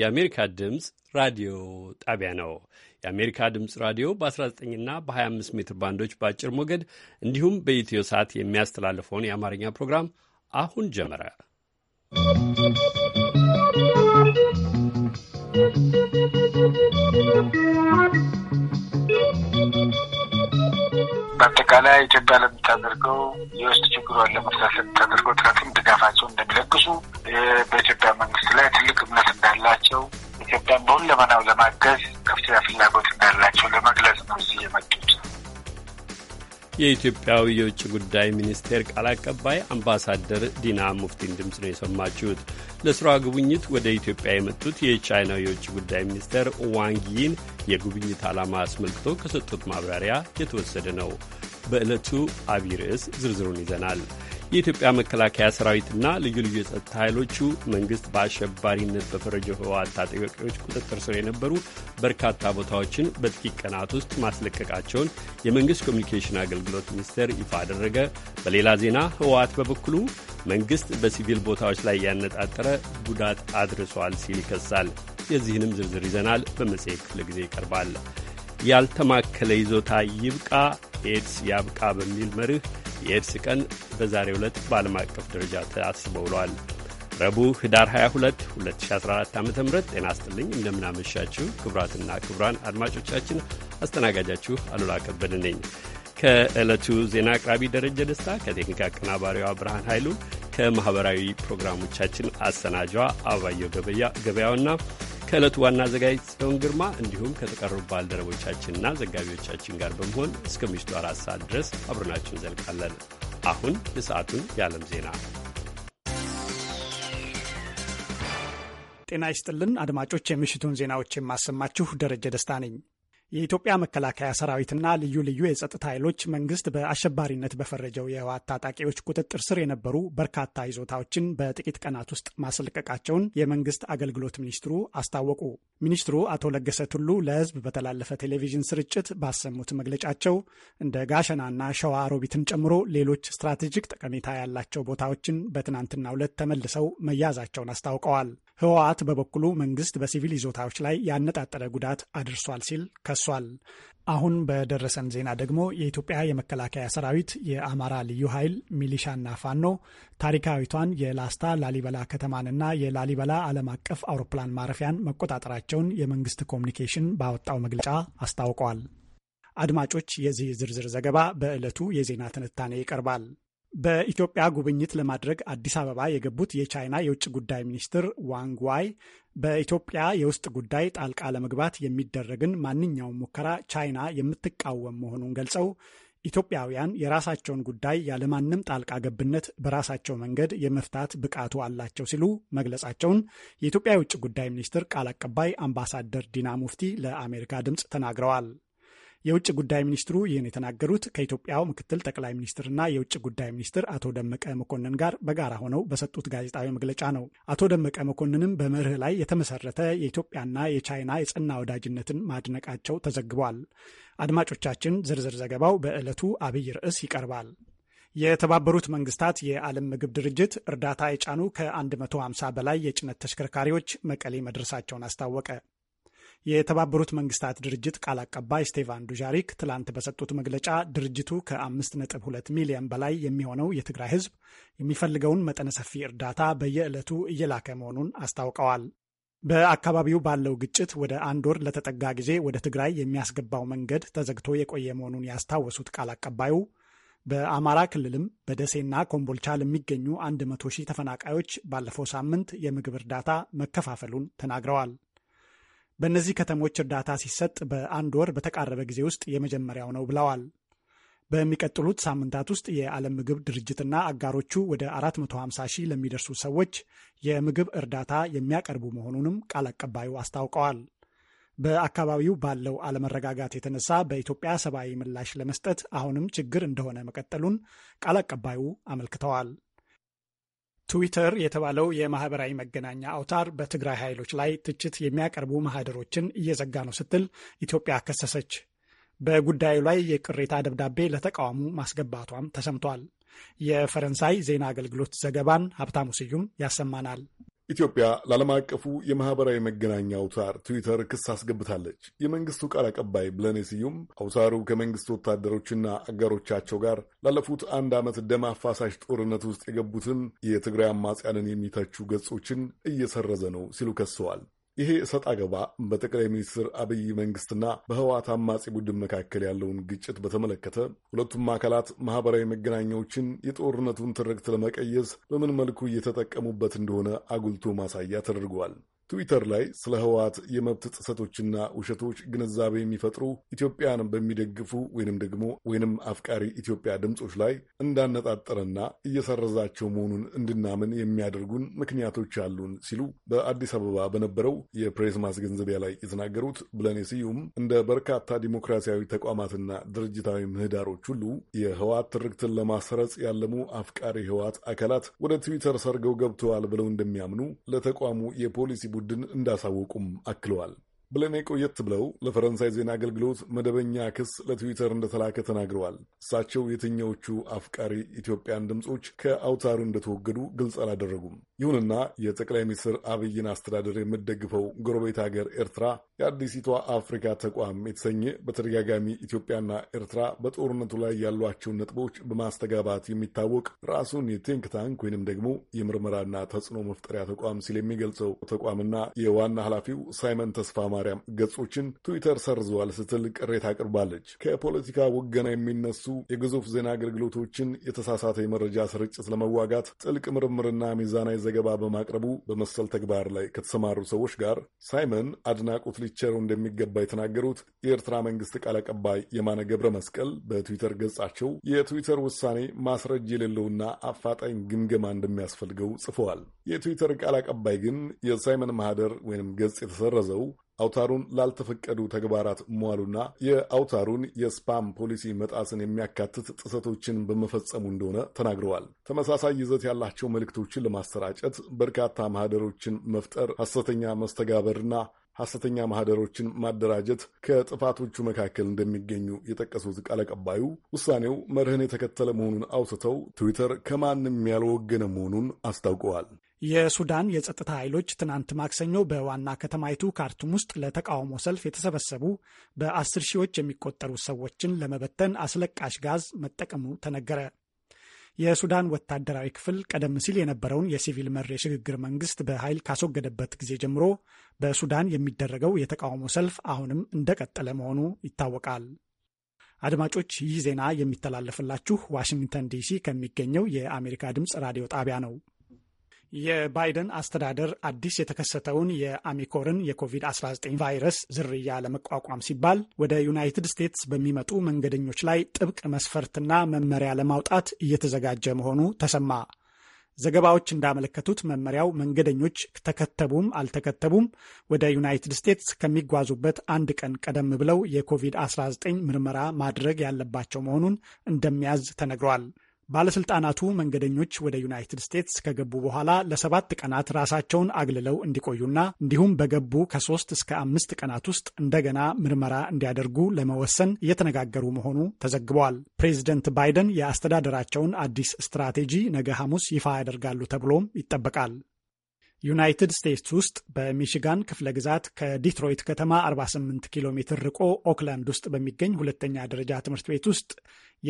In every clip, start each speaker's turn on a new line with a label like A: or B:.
A: የአሜሪካ ድምፅ ራዲዮ ጣቢያ ነው። የአሜሪካ ድምፅ ራዲዮ በ19ና በ25 ሜትር ባንዶች በአጭር ሞገድ እንዲሁም በኢትዮ ሰዓት የሚያስተላልፈውን የአማርኛ ፕሮግራም አሁን ጀመረ።
B: ¶¶
C: በአጠቃላይ ኢትዮጵያ ለምታደርገው የውስጥ ችግሯን ለመፍታት ለምታደርገው ጥረትም ድጋፋቸው እንደሚለግሱ በኢትዮጵያ መንግስት ላይ ትልቅ እምነት እንዳላቸው ኢትዮጵያን በሁለመናው ለማገዝ ከፍተኛ ፍላጎት እንዳላቸው ለመግለጽ ነው እዚህ የመጡት።
A: የኢትዮጵያው የውጭ ጉዳይ ሚኒስቴር ቃል አቀባይ አምባሳደር ዲና ሙፍቲን ድምፅ ነው የሰማችሁት። ለስራ ጉብኝት ወደ ኢትዮጵያ የመጡት የቻይናው የውጭ ጉዳይ ሚኒስቴር ዋንጊን የጉብኝት ዓላማ አስመልክቶ ከሰጡት ማብራሪያ የተወሰደ ነው። በዕለቱ አቢይ ርዕስ ዝርዝሩን ይዘናል። የኢትዮጵያ መከላከያ ሰራዊትና ልዩ ልዩ የጸጥታ ኃይሎቹ መንግስት በአሸባሪነት በፈረጀው ህወሓት ታጣቂዎች ቁጥጥር ስር የነበሩ በርካታ ቦታዎችን በጥቂት ቀናት ውስጥ ማስለቀቃቸውን የመንግስት ኮሚኒኬሽን አገልግሎት ሚኒስቴር ይፋ አደረገ። በሌላ ዜና ህወሓት በበኩሉ መንግስት በሲቪል ቦታዎች ላይ ያነጣጠረ ጉዳት አድርሷል ሲል ይከሳል። የዚህንም ዝርዝር ይዘናል በመጽሔት ክፍለ ጊዜ ይቀርባል። ያልተማከለ ይዞታ ይብቃ፣ ኤድስ ያብቃ በሚል መርህ የኤድስ ቀን በዛሬው ዕለት በዓለም አቀፍ ደረጃ ታስቦ ውሏል። ረቡዕ ህዳር 22 2014 ዓ ም ጤና ይስጥልኝ። እንደምናመሻችሁ ክቡራትና ክቡራን አድማጮቻችን አስተናጋጃችሁ አሉላ ከበደ ነኝ። ከዕለቱ ዜና አቅራቢ ደረጀ ደስታ፣ ከቴክኒክ አቀናባሪዋ ብርሃን ኃይሉ፣ ከማኅበራዊ ፕሮግራሞቻችን አሰናጇ አባየው ገበያውና ከዕለቱ ዋና አዘጋጅ ጽዮን ግርማ እንዲሁም ከተቀሩ ባልደረቦቻችንና ዘጋቢዎቻችን ጋር በመሆን እስከ ምሽቱ አራት ሰዓት ድረስ አብረናችሁን ዘልቃለን። አሁን የሰዓቱን የዓለም ዜና።
D: ጤና ይስጥልን አድማጮች፣ የምሽቱን ዜናዎች የማሰማችሁ ደረጀ ደስታ ነኝ። የኢትዮጵያ መከላከያ ሰራዊትና ልዩ ልዩ የጸጥታ ኃይሎች መንግስት በአሸባሪነት በፈረጀው የህወሓት ታጣቂዎች ቁጥጥር ስር የነበሩ በርካታ ይዞታዎችን በጥቂት ቀናት ውስጥ ማስለቀቃቸውን የመንግስት አገልግሎት ሚኒስትሩ አስታወቁ። ሚኒስትሩ አቶ ለገሰ ቱሉ ለህዝብ በተላለፈ ቴሌቪዥን ስርጭት ባሰሙት መግለጫቸው እንደ ጋሸናና ሸዋ ሮቢትን ጨምሮ ሌሎች ስትራቴጂክ ጠቀሜታ ያላቸው ቦታዎችን በትናንትናው ዕለት ተመልሰው መያዛቸውን አስታውቀዋል። ህወሓት በበኩሉ መንግስት በሲቪል ይዞታዎች ላይ ያነጣጠረ ጉዳት አድርሷል ሲል ከሷል። አሁን በደረሰን ዜና ደግሞ የኢትዮጵያ የመከላከያ ሰራዊት፣ የአማራ ልዩ ኃይል፣ ሚሊሻና ፋኖ ታሪካዊቷን የላስታ ላሊበላ ከተማንና የላሊበላ ዓለም አቀፍ አውሮፕላን ማረፊያን መቆጣጠራቸውን የመንግስት ኮሚኒኬሽን ባወጣው መግለጫ አስታውቀዋል። አድማጮች፣ የዚህ ዝርዝር ዘገባ በዕለቱ የዜና ትንታኔ ይቀርባል። በኢትዮጵያ ጉብኝት ለማድረግ አዲስ አበባ የገቡት የቻይና የውጭ ጉዳይ ሚኒስትር ዋንግ በኢትዮጵያ የውስጥ ጉዳይ ጣልቃ ለመግባት የሚደረግን ማንኛውም ሙከራ ቻይና የምትቃወም መሆኑን ገልጸው ኢትዮጵያውያን የራሳቸውን ጉዳይ ያለማንም ጣልቃ ገብነት በራሳቸው መንገድ የመፍታት ብቃቱ አላቸው ሲሉ መግለጻቸውን የኢትዮጵያ የውጭ ጉዳይ ሚኒስትር ቃል አቀባይ አምባሳደር ዲና ሙፍቲ ለአሜሪካ ድምፅ ተናግረዋል። የውጭ ጉዳይ ሚኒስትሩ ይህን የተናገሩት ከኢትዮጵያው ምክትል ጠቅላይ ሚኒስትርና የውጭ ጉዳይ ሚኒስትር አቶ ደመቀ መኮንን ጋር በጋራ ሆነው በሰጡት ጋዜጣዊ መግለጫ ነው። አቶ ደመቀ መኮንንም በመርህ ላይ የተመሰረተ የኢትዮጵያና የቻይና የጽና ወዳጅነትን ማድነቃቸው ተዘግቧል። አድማጮቻችን፣ ዝርዝር ዘገባው በዕለቱ አብይ ርዕስ ይቀርባል። የተባበሩት መንግስታት የዓለም ምግብ ድርጅት እርዳታ የጫኑ ከ150 በላይ የጭነት ተሽከርካሪዎች መቀሌ መድረሳቸውን አስታወቀ። የተባበሩት መንግስታት ድርጅት ቃል አቀባይ ስቴቫን ዱዣሪክ ትላንት በሰጡት መግለጫ ድርጅቱ ከ5.2 ሚሊዮን በላይ የሚሆነው የትግራይ ህዝብ የሚፈልገውን መጠነ ሰፊ እርዳታ በየዕለቱ እየላከ መሆኑን አስታውቀዋል። በአካባቢው ባለው ግጭት ወደ አንድ ወር ለተጠጋ ጊዜ ወደ ትግራይ የሚያስገባው መንገድ ተዘግቶ የቆየ መሆኑን ያስታወሱት ቃል አቀባዩ በአማራ ክልልም በደሴና ኮምቦልቻ ለሚገኙ 100 ሺህ ተፈናቃዮች ባለፈው ሳምንት የምግብ እርዳታ መከፋፈሉን ተናግረዋል። በእነዚህ ከተሞች እርዳታ ሲሰጥ በአንድ ወር በተቃረበ ጊዜ ውስጥ የመጀመሪያው ነው ብለዋል። በሚቀጥሉት ሳምንታት ውስጥ የዓለም ምግብ ድርጅትና አጋሮቹ ወደ 450 ሺህ ለሚደርሱ ሰዎች የምግብ እርዳታ የሚያቀርቡ መሆኑንም ቃል አቀባዩ አስታውቀዋል። በአካባቢው ባለው አለመረጋጋት የተነሳ በኢትዮጵያ ሰብአዊ ምላሽ ለመስጠት አሁንም ችግር እንደሆነ መቀጠሉን ቃል አቀባዩ አመልክተዋል። ትዊተር የተባለው የማህበራዊ መገናኛ አውታር በትግራይ ኃይሎች ላይ ትችት የሚያቀርቡ ማህደሮችን እየዘጋ ነው ስትል ኢትዮጵያ ከሰሰች። በጉዳዩ ላይ የቅሬታ ደብዳቤ ለተቃዋሙ ማስገባቷም ተሰምቷል። የፈረንሳይ ዜና አገልግሎት ዘገባን ሀብታሙ ስዩም ያሰማናል።
E: ኢትዮጵያ ለዓለም አቀፉ የማህበራዊ መገናኛ አውታር ትዊተር ክስ አስገብታለች። የመንግስቱ ቃል አቀባይ ብለኔ ስዩም አውታሩ ከመንግስት ወታደሮችና አጋሮቻቸው ጋር ላለፉት አንድ ዓመት ደም አፋሳሽ ጦርነት ውስጥ የገቡትን የትግራይ አማጽያንን የሚተቹ ገጾችን እየሰረዘ ነው ሲሉ ከሰዋል። ይሄ እሰጥ አገባ በጠቅላይ ሚኒስትር አብይ መንግስትና በህወሓት አማጺ ቡድን መካከል ያለውን ግጭት በተመለከተ ሁለቱም አካላት ማህበራዊ መገናኛዎችን የጦርነቱን ትርክት ለመቀየስ በምን መልኩ እየተጠቀሙበት እንደሆነ አጉልቶ ማሳያ ተደርገዋል። ትዊተር ላይ ስለ ህወሓት የመብት ጥሰቶችና ውሸቶች ግንዛቤ የሚፈጥሩ ኢትዮጵያን በሚደግፉ ወይንም ደግሞ ወይንም አፍቃሪ ኢትዮጵያ ድምፆች ላይ እንዳነጣጠረና እየሰረዛቸው መሆኑን እንድናምን የሚያደርጉን ምክንያቶች አሉን ሲሉ በአዲስ አበባ በነበረው የፕሬስ ማስገንዘቢያ ላይ የተናገሩት ብለኔ ስዩም እንደ በርካታ ዲሞክራሲያዊ ተቋማትና ድርጅታዊ ምህዳሮች ሁሉ የህወሓት ትርክትን ለማሰረጽ ያለሙ አፍቃሪ ህወሓት አካላት ወደ ትዊተር ሰርገው ገብተዋል ብለው እንደሚያምኑ ለተቋሙ የፖሊሲ ቡድን እንዳሳወቁም አክለዋል። ብለኔ ቆየት ብለው ለፈረንሳይ ዜና አገልግሎት መደበኛ ክስ ለትዊተር እንደተላከ ተናግረዋል። እሳቸው የትኛዎቹ አፍቃሪ ኢትዮጵያን ድምፆች ከአውታሩ እንደተወገዱ ግልጽ አላደረጉም። ይሁንና የጠቅላይ ሚኒስትር አብይን አስተዳደር የምደግፈው ጎረቤት ሀገር ኤርትራ የአዲሲቷ አፍሪካ ተቋም የተሰኘ በተደጋጋሚ ኢትዮጵያና ኤርትራ በጦርነቱ ላይ ያሏቸውን ነጥቦች በማስተጋባት የሚታወቅ ራሱን የቲንክ ታንክ ወይንም ደግሞ የምርመራና ተጽዕኖ መፍጠሪያ ተቋም ሲል የሚገልጸው ተቋምና የዋና ኃላፊው ሳይመን ተስፋማ ማርያም ገጾችን ትዊተር ሰርዘዋል ስትል ቅሬታ አቅርባለች። ከፖለቲካ ውገና የሚነሱ የግዙፍ ዜና አገልግሎቶችን የተሳሳተ የመረጃ ስርጭት ለመዋጋት ጥልቅ ምርምርና ሚዛናዊ ዘገባ በማቅረቡ በመሰል ተግባር ላይ ከተሰማሩ ሰዎች ጋር ሳይመን አድናቆት ሊቸረው እንደሚገባ የተናገሩት የኤርትራ መንግስት ቃል አቀባይ የማነ ገብረ መስቀል በትዊተር ገጻቸው የትዊተር ውሳኔ ማስረጅ የሌለውና አፋጣኝ ግምገማ እንደሚያስፈልገው ጽፈዋል። የትዊተር ቃል አቀባይ ግን የሳይመን ማህደር ወይም ገጽ የተሰረዘው አውታሩን ላልተፈቀዱ ተግባራት መዋሉና የአውታሩን የስፓም ፖሊሲ መጣስን የሚያካትት ጥሰቶችን በመፈጸሙ እንደሆነ ተናግረዋል። ተመሳሳይ ይዘት ያላቸው መልእክቶችን ለማሰራጨት በርካታ ማህደሮችን መፍጠር ሐሰተኛ መስተጋበርና ሐሰተኛ ማህደሮችን ማደራጀት ከጥፋቶቹ መካከል እንደሚገኙ የጠቀሱት ቃል አቀባዩ ውሳኔው መርህን የተከተለ መሆኑን አውስተው ትዊተር ከማንም ያልወገነ መሆኑን አስታውቀዋል።
D: የሱዳን የጸጥታ ኃይሎች ትናንት ማክሰኞ በዋና ከተማይቱ ካርቱም ውስጥ ለተቃውሞ ሰልፍ የተሰበሰቡ በአስር ሺዎች የሚቆጠሩ ሰዎችን ለመበተን አስለቃሽ ጋዝ መጠቀሙ ተነገረ። የሱዳን ወታደራዊ ክፍል ቀደም ሲል የነበረውን የሲቪል መር የሽግግር መንግስት በኃይል ካስወገደበት ጊዜ ጀምሮ በሱዳን የሚደረገው የተቃውሞ ሰልፍ አሁንም እንደቀጠለ መሆኑ ይታወቃል። አድማጮች፣ ይህ ዜና የሚተላለፍላችሁ ዋሽንግተን ዲሲ ከሚገኘው የአሜሪካ ድምፅ ራዲዮ ጣቢያ ነው። የባይደን አስተዳደር አዲስ የተከሰተውን የአሚኮርን የኮቪድ-19 ቫይረስ ዝርያ ለመቋቋም ሲባል ወደ ዩናይትድ ስቴትስ በሚመጡ መንገደኞች ላይ ጥብቅ መስፈርትና መመሪያ ለማውጣት እየተዘጋጀ መሆኑ ተሰማ። ዘገባዎች እንዳመለከቱት መመሪያው መንገደኞች ተከተቡም አልተከተቡም ወደ ዩናይትድ ስቴትስ ከሚጓዙበት አንድ ቀን ቀደም ብለው የኮቪድ-19 ምርመራ ማድረግ ያለባቸው መሆኑን እንደሚያዝ ተነግሯል። ባለስልጣናቱ መንገደኞች ወደ ዩናይትድ ስቴትስ ከገቡ በኋላ ለሰባት ቀናት ራሳቸውን አግልለው እንዲቆዩና እንዲሁም በገቡ ከሶስት እስከ አምስት ቀናት ውስጥ እንደገና ምርመራ እንዲያደርጉ ለመወሰን እየተነጋገሩ መሆኑ ተዘግበዋል። ፕሬዚደንት ባይደን የአስተዳደራቸውን አዲስ ስትራቴጂ ነገ ሐሙስ ይፋ ያደርጋሉ ተብሎም ይጠበቃል። ዩናይትድ ስቴትስ ውስጥ በሚሽጋን ክፍለ ግዛት ከዲትሮይት ከተማ 48 ኪሎ ሜትር ርቆ ኦክላንድ ውስጥ በሚገኝ ሁለተኛ ደረጃ ትምህርት ቤት ውስጥ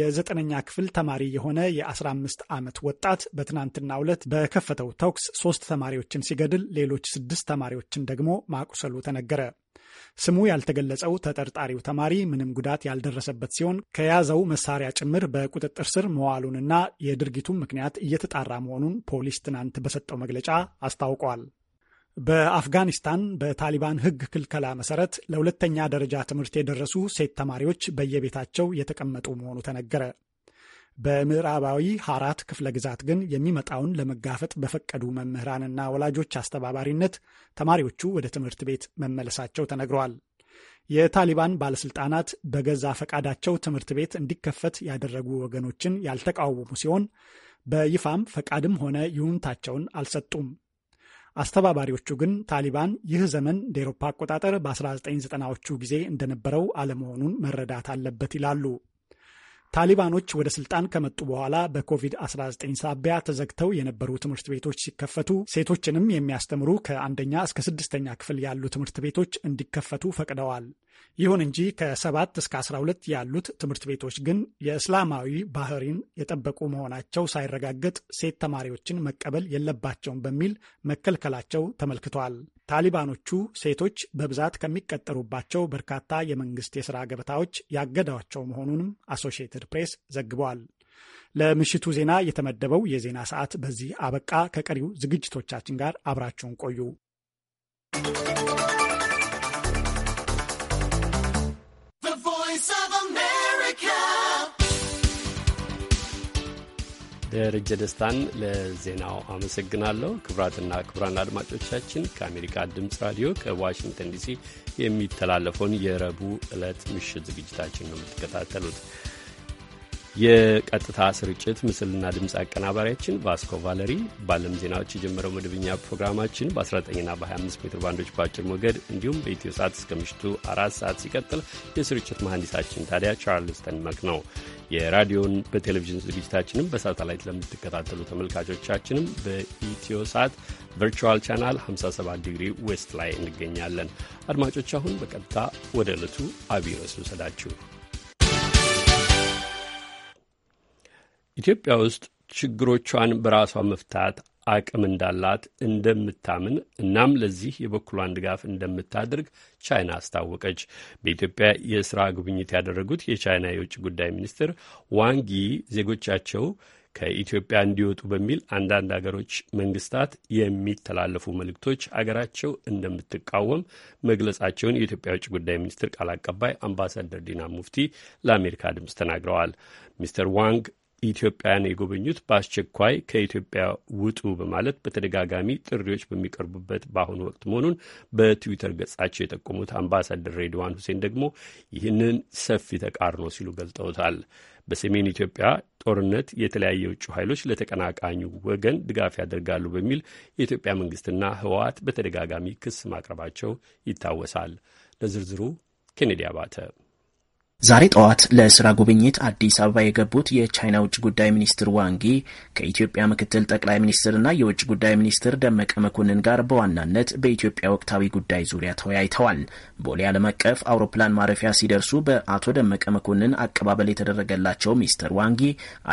D: የዘጠነኛ ክፍል ተማሪ የሆነ የ15 ዓመት ወጣት በትናንትናው ዕለት በከፈተው ተኩስ ሶስት ተማሪዎችን ሲገድል ሌሎች ስድስት ተማሪዎችን ደግሞ ማቁሰሉ ተነገረ። ስሙ ያልተገለጸው ተጠርጣሪው ተማሪ ምንም ጉዳት ያልደረሰበት ሲሆን ከያዘው መሳሪያ ጭምር በቁጥጥር ስር መዋሉንና የድርጊቱን ምክንያት እየተጣራ መሆኑን ፖሊስ ትናንት በሰጠው መግለጫ አስታውቋል። በአፍጋኒስታን በታሊባን ሕግ ክልከላ መሰረት ለሁለተኛ ደረጃ ትምህርት የደረሱ ሴት ተማሪዎች በየቤታቸው የተቀመጡ መሆኑ ተነገረ። በምዕራባዊ ሐራት ክፍለ ግዛት ግን የሚመጣውን ለመጋፈጥ በፈቀዱ መምህራንና ወላጆች አስተባባሪነት ተማሪዎቹ ወደ ትምህርት ቤት መመለሳቸው ተነግረዋል። የታሊባን ባለስልጣናት በገዛ ፈቃዳቸው ትምህርት ቤት እንዲከፈት ያደረጉ ወገኖችን ያልተቃወሙ ሲሆን በይፋም ፈቃድም ሆነ ይሁንታቸውን አልሰጡም። አስተባባሪዎቹ ግን ታሊባን ይህ ዘመን እንደ ኤሮፓ አቆጣጠር በ1990ዎቹ ጊዜ እንደነበረው አለመሆኑን መረዳት አለበት ይላሉ። ታሊባኖች ወደ ስልጣን ከመጡ በኋላ በኮቪድ-19 ሳቢያ ተዘግተው የነበሩ ትምህርት ቤቶች ሲከፈቱ ሴቶችንም የሚያስተምሩ ከአንደኛ እስከ ስድስተኛ ክፍል ያሉ ትምህርት ቤቶች እንዲከፈቱ ፈቅደዋል። ይሁን እንጂ ከ7 እስከ 12 ያሉት ትምህርት ቤቶች ግን የእስላማዊ ባህሪን የጠበቁ መሆናቸው ሳይረጋገጥ ሴት ተማሪዎችን መቀበል የለባቸውም በሚል መከልከላቸው ተመልክቷል። ታሊባኖቹ ሴቶች በብዛት ከሚቀጠሩባቸው በርካታ የመንግስት የሥራ ገበታዎች ያገዷቸው መሆኑንም አሶሺየትድ ፕሬስ ዘግበዋል። ለምሽቱ ዜና የተመደበው የዜና ሰዓት በዚህ አበቃ። ከቀሪው ዝግጅቶቻችን ጋር አብራችሁን ቆዩ።
A: ደረጀ ደስታን ለዜናው አመሰግናለሁ። ክቡራትና ክቡራን አድማጮቻችን ከአሜሪካ ድምፅ ራዲዮ ከዋሽንግተን ዲሲ የሚተላለፈውን የረቡዕ ዕለት ምሽት ዝግጅታችን ነው የምትከታተሉት። የቀጥታ ስርጭት ምስልና ድምፅ አቀናባሪያችን ቫስኮ ቫለሪ፣ በዓለም ዜናዎች የጀመረው መደበኛ ፕሮግራማችን በ19ና በ25 ሜትር ባንዶች በአጭር ሞገድ እንዲሁም በኢትዮ ሰዓት እስከ ምሽቱ አራት ሰዓት ሲቀጥል የስርጭት መሐንዲሳችን ታዲያ ቻርልስ ተንመክ ነው። የራዲዮን በቴሌቪዥን ዝግጅታችንም በሳተላይት ለምትከታተሉ ተመልካቾቻችንም በኢትዮ ሰዓት ቨርቹዋል ቻናል 57 ዲግሪ ዌስት ላይ እንገኛለን። አድማጮች አሁን በቀጥታ ወደ ዕለቱ አብይ ርዕስ ኢትዮጵያ ውስጥ ችግሮቿን በራሷ መፍታት አቅም እንዳላት እንደምታምን እናም ለዚህ የበኩሏን ድጋፍ እንደምታደርግ ቻይና አስታወቀች። በኢትዮጵያ የስራ ጉብኝት ያደረጉት የቻይና የውጭ ጉዳይ ሚኒስትር ዋንጊ ዜጎቻቸው ከኢትዮጵያ እንዲወጡ በሚል አንዳንድ አገሮች መንግስታት የሚተላለፉ መልእክቶች አገራቸው እንደምትቃወም መግለጻቸውን የኢትዮጵያ ውጭ ጉዳይ ሚኒስትር ቃል አቀባይ አምባሳደር ዲና ሙፍቲ ለአሜሪካ ድምፅ ተናግረዋል። ሚስተር ዋንግ ኢትዮጵያን የጎበኙት በአስቸኳይ ከኢትዮጵያ ውጡ በማለት በተደጋጋሚ ጥሪዎች በሚቀርቡበት በአሁኑ ወቅት መሆኑን በትዊተር ገጻቸው የጠቆሙት አምባሳደር ሬድዋን ሁሴን ደግሞ ይህንን ሰፊ ተቃርኖ ሲሉ ገልጠውታል። በሰሜን ኢትዮጵያ ጦርነት የተለያዩ ውጭ ኃይሎች ለተቀናቃኙ ወገን ድጋፍ ያደርጋሉ በሚል የኢትዮጵያ መንግስትና ህወሓት በተደጋጋሚ ክስ ማቅረባቸው ይታወሳል። ለዝርዝሩ ኬኔዲ አባተ
B: ዛሬ ጠዋት ለስራ ጉብኝት አዲስ አበባ የገቡት የቻይና ውጭ ጉዳይ ሚኒስትር ዋንጊ ከኢትዮጵያ ምክትል ጠቅላይ ሚኒስትርና የውጭ ጉዳይ ሚኒስትር ደመቀ መኮንን ጋር በዋናነት በኢትዮጵያ ወቅታዊ ጉዳይ ዙሪያ ተወያይተዋል። ቦሌ ዓለም አቀፍ አውሮፕላን ማረፊያ ሲደርሱ በአቶ ደመቀ መኮንን አቀባበል የተደረገላቸው ሚስተር ዋንጊ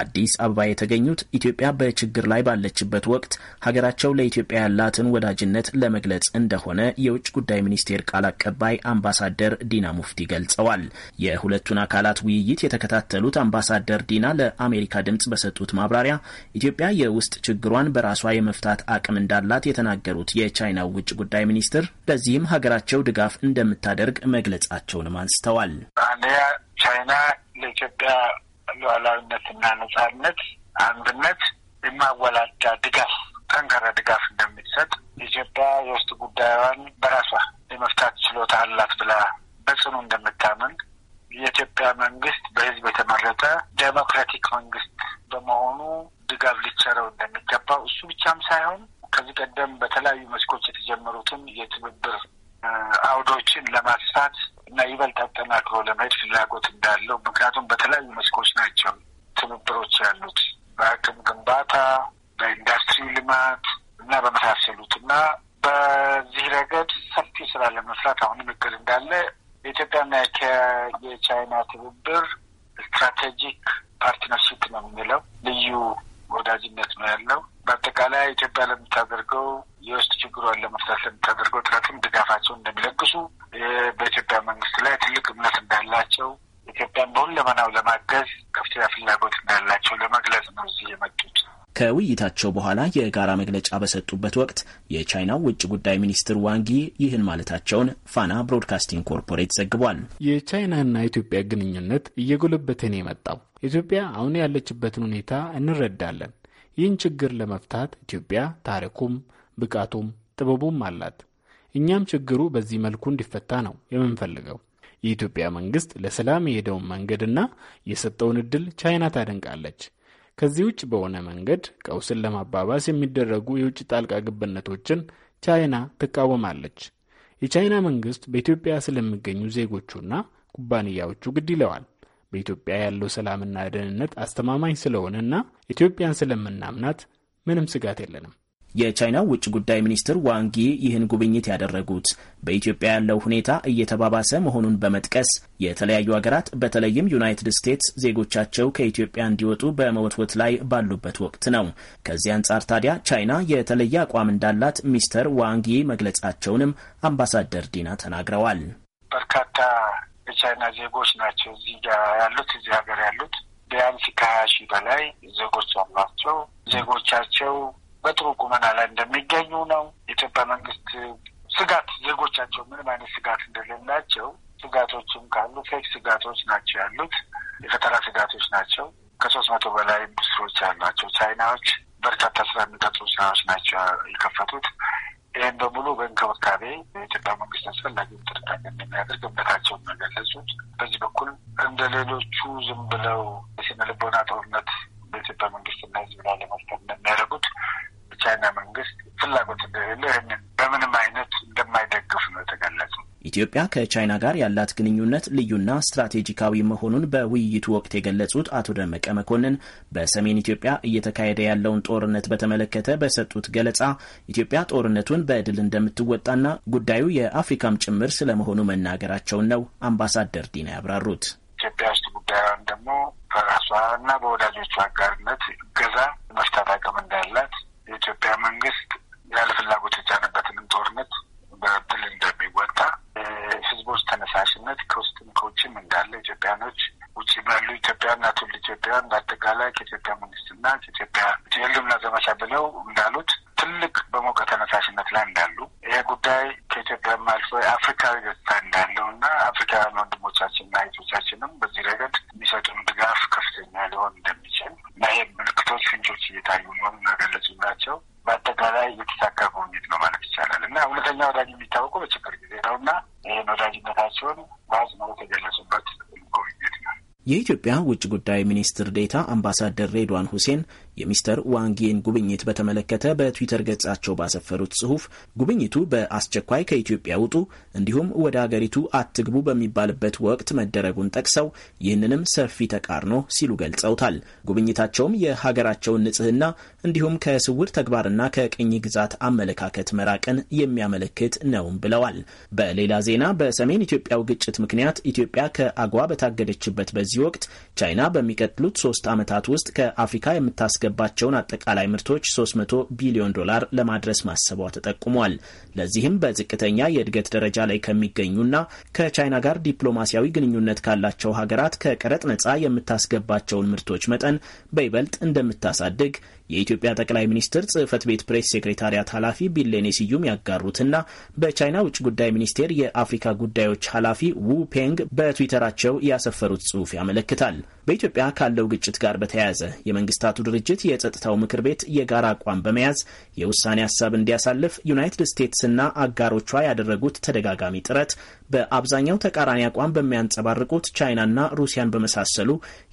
B: አዲስ አበባ የተገኙት ኢትዮጵያ በችግር ላይ ባለችበት ወቅት ሀገራቸው ለኢትዮጵያ ያላትን ወዳጅነት ለመግለጽ እንደሆነ የውጭ ጉዳይ ሚኒስቴር ቃል አቀባይ አምባሳደር ዲና ሙፍቲ ገልጸዋል። የሁለቱን አካላት ውይይት የተከታተሉት አምባሳደር ዲና ለአሜሪካ ድምፅ በሰጡት ማብራሪያ ኢትዮጵያ የውስጥ ችግሯን በራሷ የመፍታት አቅም እንዳላት የተናገሩት የቻይና ውጭ ጉዳይ ሚኒስትር ለዚህም ሀገራቸው ድጋፍ እንደምታደርግ መግለጻቸውንም አንስተዋል። አንደኛ
F: ቻይና ለኢትዮጵያ
C: ሉዓላዊነትና ነጻነት፣ አንድነት የማወላዳ ድጋፍ ጠንካራ ድጋፍ እንደምትሰጥ ኢትዮጵያ የውስጥ ጉዳዩን በራሷ የመፍታት ችሎታ አላት ብላ በጽኑ እንደምታምን የኢትዮጵያ መንግስት በህዝብ የተመረጠ ዴሞክራቲክ መንግስት በመሆኑ ድጋፍ ሊቸረው እንደሚገባው እሱ ብቻም ሳይሆን ከዚህ ቀደም በተለያዩ መስኮች የተጀመሩትን የትብብር አውዶችን ለማስፋት እና ይበልጥ አጠናክሮ ለመሄድ ፍላጎት እንዳለው ምክንያቱም በተለያዩ መስኮች ናቸው ትብብሮች ያሉት በአቅም ግንባታ፣ በኢንዱስትሪ ልማት እና በመሳሰሉት እና በዚህ ረገድ ሰፊ ስራ ለመስራት አሁንም እቅድ እንዳለ የኢትዮጵያና የቻይና ትብብር ስትራቴጂክ ፓርትነርሽፕ ነው የምንለው። ልዩ ወዳጅነት ነው ያለው። በአጠቃላይ ኢትዮጵያ ለምታደርገው የውስጥ ችግሯን ለመፍታት ለምታደርገው ጥረትም ድጋፋቸውን እንደሚለግሱ በኢትዮጵያ መንግስት ላይ ትልቅ እምነት እንዳላቸው ኢትዮጵያን በሁለመናው ለማገዝ ከፍተኛ ፍላጎት እንዳላቸው
B: ለመግለጽ ነው እዚህ የመጡት። ከውይይታቸው በኋላ የጋራ መግለጫ በሰጡበት ወቅት የቻይናው ውጭ ጉዳይ ሚኒስትር ዋንጊ ይህን ማለታቸውን ፋና ብሮድካስቲንግ ኮርፖሬት ዘግቧል። የቻይናና የኢትዮጵያ ግንኙነት እየጎለበተን
A: የመጣው። ኢትዮጵያ አሁን ያለችበትን ሁኔታ እንረዳለን። ይህን ችግር ለመፍታት ኢትዮጵያ ታሪኩም ብቃቱም ጥበቡም አላት። እኛም ችግሩ በዚህ መልኩ እንዲፈታ ነው የምንፈልገው። የኢትዮጵያ መንግስት ለሰላም የሄደውን መንገድና የሰጠውን እድል ቻይና ታደንቃለች። ከዚህ ውጭ በሆነ መንገድ ቀውስን ለማባባስ የሚደረጉ የውጭ ጣልቃ ግብነቶችን ቻይና ትቃወማለች። የቻይና መንግስት በኢትዮጵያ ስለሚገኙ ዜጎቹና ኩባንያዎቹ ግድ ይለዋል። በኢትዮጵያ ያለው ሰላምና ደህንነት አስተማማኝ ስለሆነና ኢትዮጵያን ስለምናምናት ምንም ስጋት
B: የለንም። የቻይና ውጭ ጉዳይ ሚኒስትር ዋንጊ ይህን ጉብኝት ያደረጉት በኢትዮጵያ ያለው ሁኔታ እየተባባሰ መሆኑን በመጥቀስ የተለያዩ ሀገራት በተለይም ዩናይትድ ስቴትስ ዜጎቻቸው ከኢትዮጵያ እንዲወጡ በመወትወት ላይ ባሉበት ወቅት ነው። ከዚህ አንጻር ታዲያ ቻይና የተለየ አቋም እንዳላት ሚስተር ዋንጊ መግለጻቸውንም አምባሳደር ዲና ተናግረዋል። በርካታ የቻይና ዜጎች ናቸው እዚህ ጋር ያሉት
C: እዚህ ሀገር ያሉት ቢያንስ ከሀያ ሺህ በላይ ዜጎች አሏቸው። ዜጎቻቸው በጥሩ ቁመና ላይ እንደሚገኙ ነው። የኢትዮጵያ መንግስት ስጋት ዜጎቻቸው ምንም አይነት ስጋት እንደሌላቸው ስጋቶችም ካሉ ፌክ ስጋቶች ናቸው ያሉት፣ የፈጠራ ስጋቶች ናቸው። ከሶስት መቶ በላይ ኢንዱስትሪዎች ያሏቸው ቻይናዎች በርካታ ስራ የሚቀጥሩ ስራዎች ናቸው የከፈቱት። ይህም በሙሉ በእንክብካቤ የኢትዮጵያ መንግስት አስፈላጊ ጥንቃቄ የሚያደርግ እምነታቸውን መገለጹት። በዚህ በኩል እንደ ሌሎቹ ዝም ብለው የስነ ልቦና ጦርነት በኢትዮጵያ መንግስትና ህዝብ ላይ ለመፍጠር እንደሚያደርጉት የቻይና መንግስት ፍላጎት እንደሌለ ይህንን በምንም አይነት እንደማይደግፍ ነው የተገለጸ።
B: ኢትዮጵያ ከቻይና ጋር ያላት ግንኙነት ልዩና ስትራቴጂካዊ መሆኑን በውይይቱ ወቅት የገለጹት አቶ ደመቀ መኮንን በሰሜን ኢትዮጵያ እየተካሄደ ያለውን ጦርነት በተመለከተ በሰጡት ገለጻ ኢትዮጵያ ጦርነቱን በድል እንደምትወጣና ጉዳዩ የአፍሪካም ጭምር ስለመሆኑ መናገራቸውን ነው አምባሳደር ዲና ያብራሩት። ኢትዮጵያ ውስጥ ጉዳዩን
C: ደግሞ በራሷ እና በወዳጆቿ አጋርነት ገዛ መፍታት አቅም እንዳላት የኢትዮጵያ መንግስት ያለ ፍላጎት የጫነበትንም ጦርነት በድል እንደሚወጣ ህዝቦች ተነሳሽነት ከውስጥም ከውጭም እንዳለ ኢትዮጵያኖች ውጭ ባሉ ኢትዮጵያና ትውልደ ኢትዮጵያውያን በአጠቃላይ ከኢትዮጵያ መንግስትና ከኢትዮጵያ የህልውና ዘመቻ ብለው እንዳሉት ትልቅ በሞቀ ተነሳሽነት ላይ እንዳሉ ይሄ ጉዳይ ከኢትዮጵያም አልፎ የአፍሪካዊ ገጽታ እንዳለው እና አፍሪካውያን ወንድ
B: የኢትዮጵያ ውጭ ጉዳይ ሚኒስትር ዴታ አምባሳደር ሬድዋን ሁሴን የሚስተር ዋንጌን ጉብኝት በተመለከተ በትዊተር ገጻቸው ባሰፈሩት ጽሁፍ ጉብኝቱ በአስቸኳይ ከኢትዮጵያ ውጡ፣ እንዲሁም ወደ አገሪቱ አትግቡ በሚባልበት ወቅት መደረጉን ጠቅሰው ይህንንም ሰፊ ተቃርኖ ሲሉ ገልጸውታል። ጉብኝታቸውም የሀገራቸውን ንጽህና እንዲሁም ከስውር ተግባርና ከቅኝ ግዛት አመለካከት መራቅን የሚያመለክት ነውም ብለዋል። በሌላ ዜና በሰሜን ኢትዮጵያው ግጭት ምክንያት ኢትዮጵያ ከአጓ በታገደችበት በዚህ ወቅት ቻይና በሚቀጥሉት ሶስት ዓመታት ውስጥ ከአፍሪካ የምታስ የሚያስገባቸውን አጠቃላይ ምርቶች 300 ቢሊዮን ዶላር ለማድረስ ማሰቧ ተጠቁሟል። ለዚህም በዝቅተኛ የእድገት ደረጃ ላይ ከሚገኙና ከቻይና ጋር ዲፕሎማሲያዊ ግንኙነት ካላቸው ሀገራት ከቀረጥ ነጻ የምታስገባቸውን ምርቶች መጠን በይበልጥ እንደምታሳድግ የኢትዮጵያ ጠቅላይ ሚኒስትር ጽህፈት ቤት ፕሬስ ሴክሬታሪያት ኃላፊ ቢሌኔ ስዩም ያጋሩትና በቻይና ውጭ ጉዳይ ሚኒስቴር የአፍሪካ ጉዳዮች ኃላፊ ዉ ፔንግ በትዊተራቸው ያሰፈሩት ጽሑፍ ያመለክታል። በኢትዮጵያ ካለው ግጭት ጋር በተያያዘ የመንግስታቱ ድርጅት የጸጥታው ምክር ቤት የጋራ አቋም በመያዝ የውሳኔ ሀሳብ እንዲያሳልፍ ዩናይትድ ስቴትስና አጋሮቿ ያደረጉት ተደጋጋሚ ጥረት በአብዛኛው ተቃራኒ አቋም በሚያንጸባርቁት ቻይናና ሩሲያን በመሳሰሉ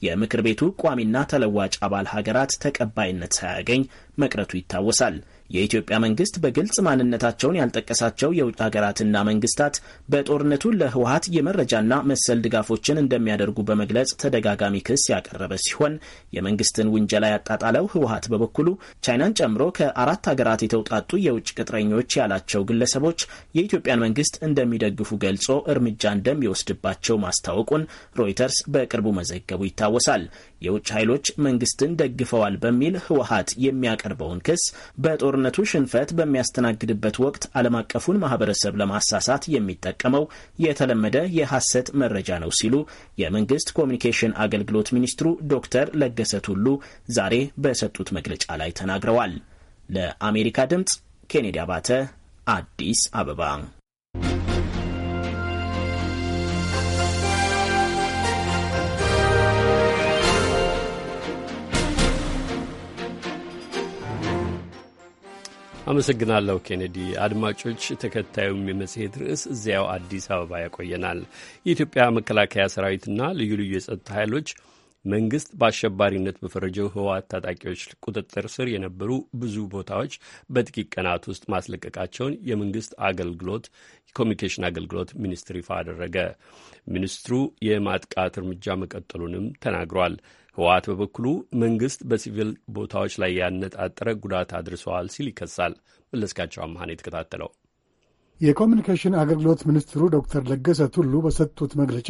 B: የምክር ቤቱ ቋሚና ተለዋጭ አባል ሀገራት ተቀባይነት ሳያገኝ መቅረቱ ይታወሳል። የኢትዮጵያ መንግስት በግልጽ ማንነታቸውን ያልጠቀሳቸው የውጭ ሀገራትና መንግስታት በጦርነቱ ለህወሀት የመረጃና መሰል ድጋፎችን እንደሚያደርጉ በመግለጽ ተደጋጋሚ ክስ ያቀረበ ሲሆን የመንግስትን ውንጀላ ያጣጣለው ህወሀት በበኩሉ ቻይናን ጨምሮ ከአራት ሀገራት የተውጣጡ የውጭ ቅጥረኞች ያላቸው ግለሰቦች የኢትዮጵያን መንግስት እንደሚደግፉ ገልጾ እርምጃ እንደሚወስድባቸው ማስታወቁን ሮይተርስ በቅርቡ መዘገቡ ይታወሳል። የውጭ ኃይሎች መንግስትን ደግፈዋል በሚል ህወሀት የሚያቀርበውን ክስ በጦርነቱ ሽንፈት በሚያስተናግድበት ወቅት ዓለም አቀፉን ማህበረሰብ ለማሳሳት የሚጠቀመው የተለመደ የሐሰት መረጃ ነው ሲሉ የመንግስት ኮሚኒኬሽን አገልግሎት ሚኒስትሩ ዶክተር ለገሰ ቱሉ ዛሬ በሰጡት መግለጫ ላይ ተናግረዋል። ለአሜሪካ ድምፅ ኬኔዲ አባተ አዲስ አበባ
A: አመሰግናለሁ ኬኔዲ። አድማጮች፣ ተከታዩም የመጽሔት ርዕስ እዚያው አዲስ አበባ ያቆየናል። የኢትዮጵያ መከላከያ ሰራዊትና ልዩ ልዩ የጸጥታ ኃይሎች መንግስት በአሸባሪነት በፈረጀው ህወሓት ታጣቂዎች ቁጥጥር ስር የነበሩ ብዙ ቦታዎች በጥቂት ቀናት ውስጥ ማስለቀቃቸውን የመንግስት አገልግሎት የኮሚኒኬሽን አገልግሎት ሚኒስትር ይፋ አደረገ። ሚኒስትሩ የማጥቃት እርምጃ መቀጠሉንም ተናግሯል። ህወሓት በበኩሉ መንግስት በሲቪል ቦታዎች ላይ ያነጣጠረ ጉዳት አድርሰዋል ሲል ይከሳል። መለስካቸው አምሃን የተከታተለው
G: የኮሚኒኬሽን አገልግሎት ሚኒስትሩ ዶክተር ለገሰ ቱሉ በሰጡት መግለጫ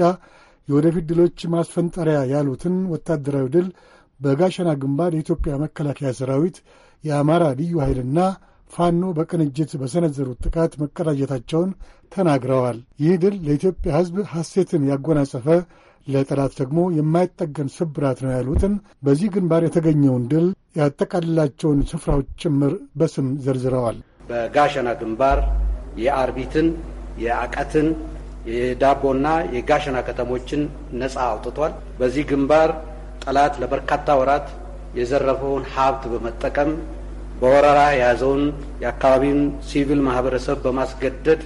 G: የወደፊት ድሎች ማስፈንጠሪያ ያሉትን ወታደራዊ ድል በጋሸና ግንባር የኢትዮጵያ መከላከያ ሰራዊት የአማራ ልዩ ኃይልና ፋኖ በቅንጅት በሰነዘሩት ጥቃት መቀዳጀታቸውን ተናግረዋል። ይህ ድል ለኢትዮጵያ ሕዝብ ሐሴትን ያጎናጸፈ ለጠላት ደግሞ የማይጠገን ስብራት ነው ያሉትን በዚህ ግንባር የተገኘውን ድል ያጠቃልላቸውን ስፍራዎች ጭምር በስም ዘርዝረዋል።
H: በጋሸና ግንባር የአርቢትን፣ የአቀትን፣ የዳቦና የጋሸና ከተሞችን ነፃ አውጥቷል። በዚህ ግንባር ጠላት ለበርካታ ወራት የዘረፈውን ሀብት በመጠቀም በወረራ የያዘውን የአካባቢውን ሲቪል ማህበረሰብ በማስገደድ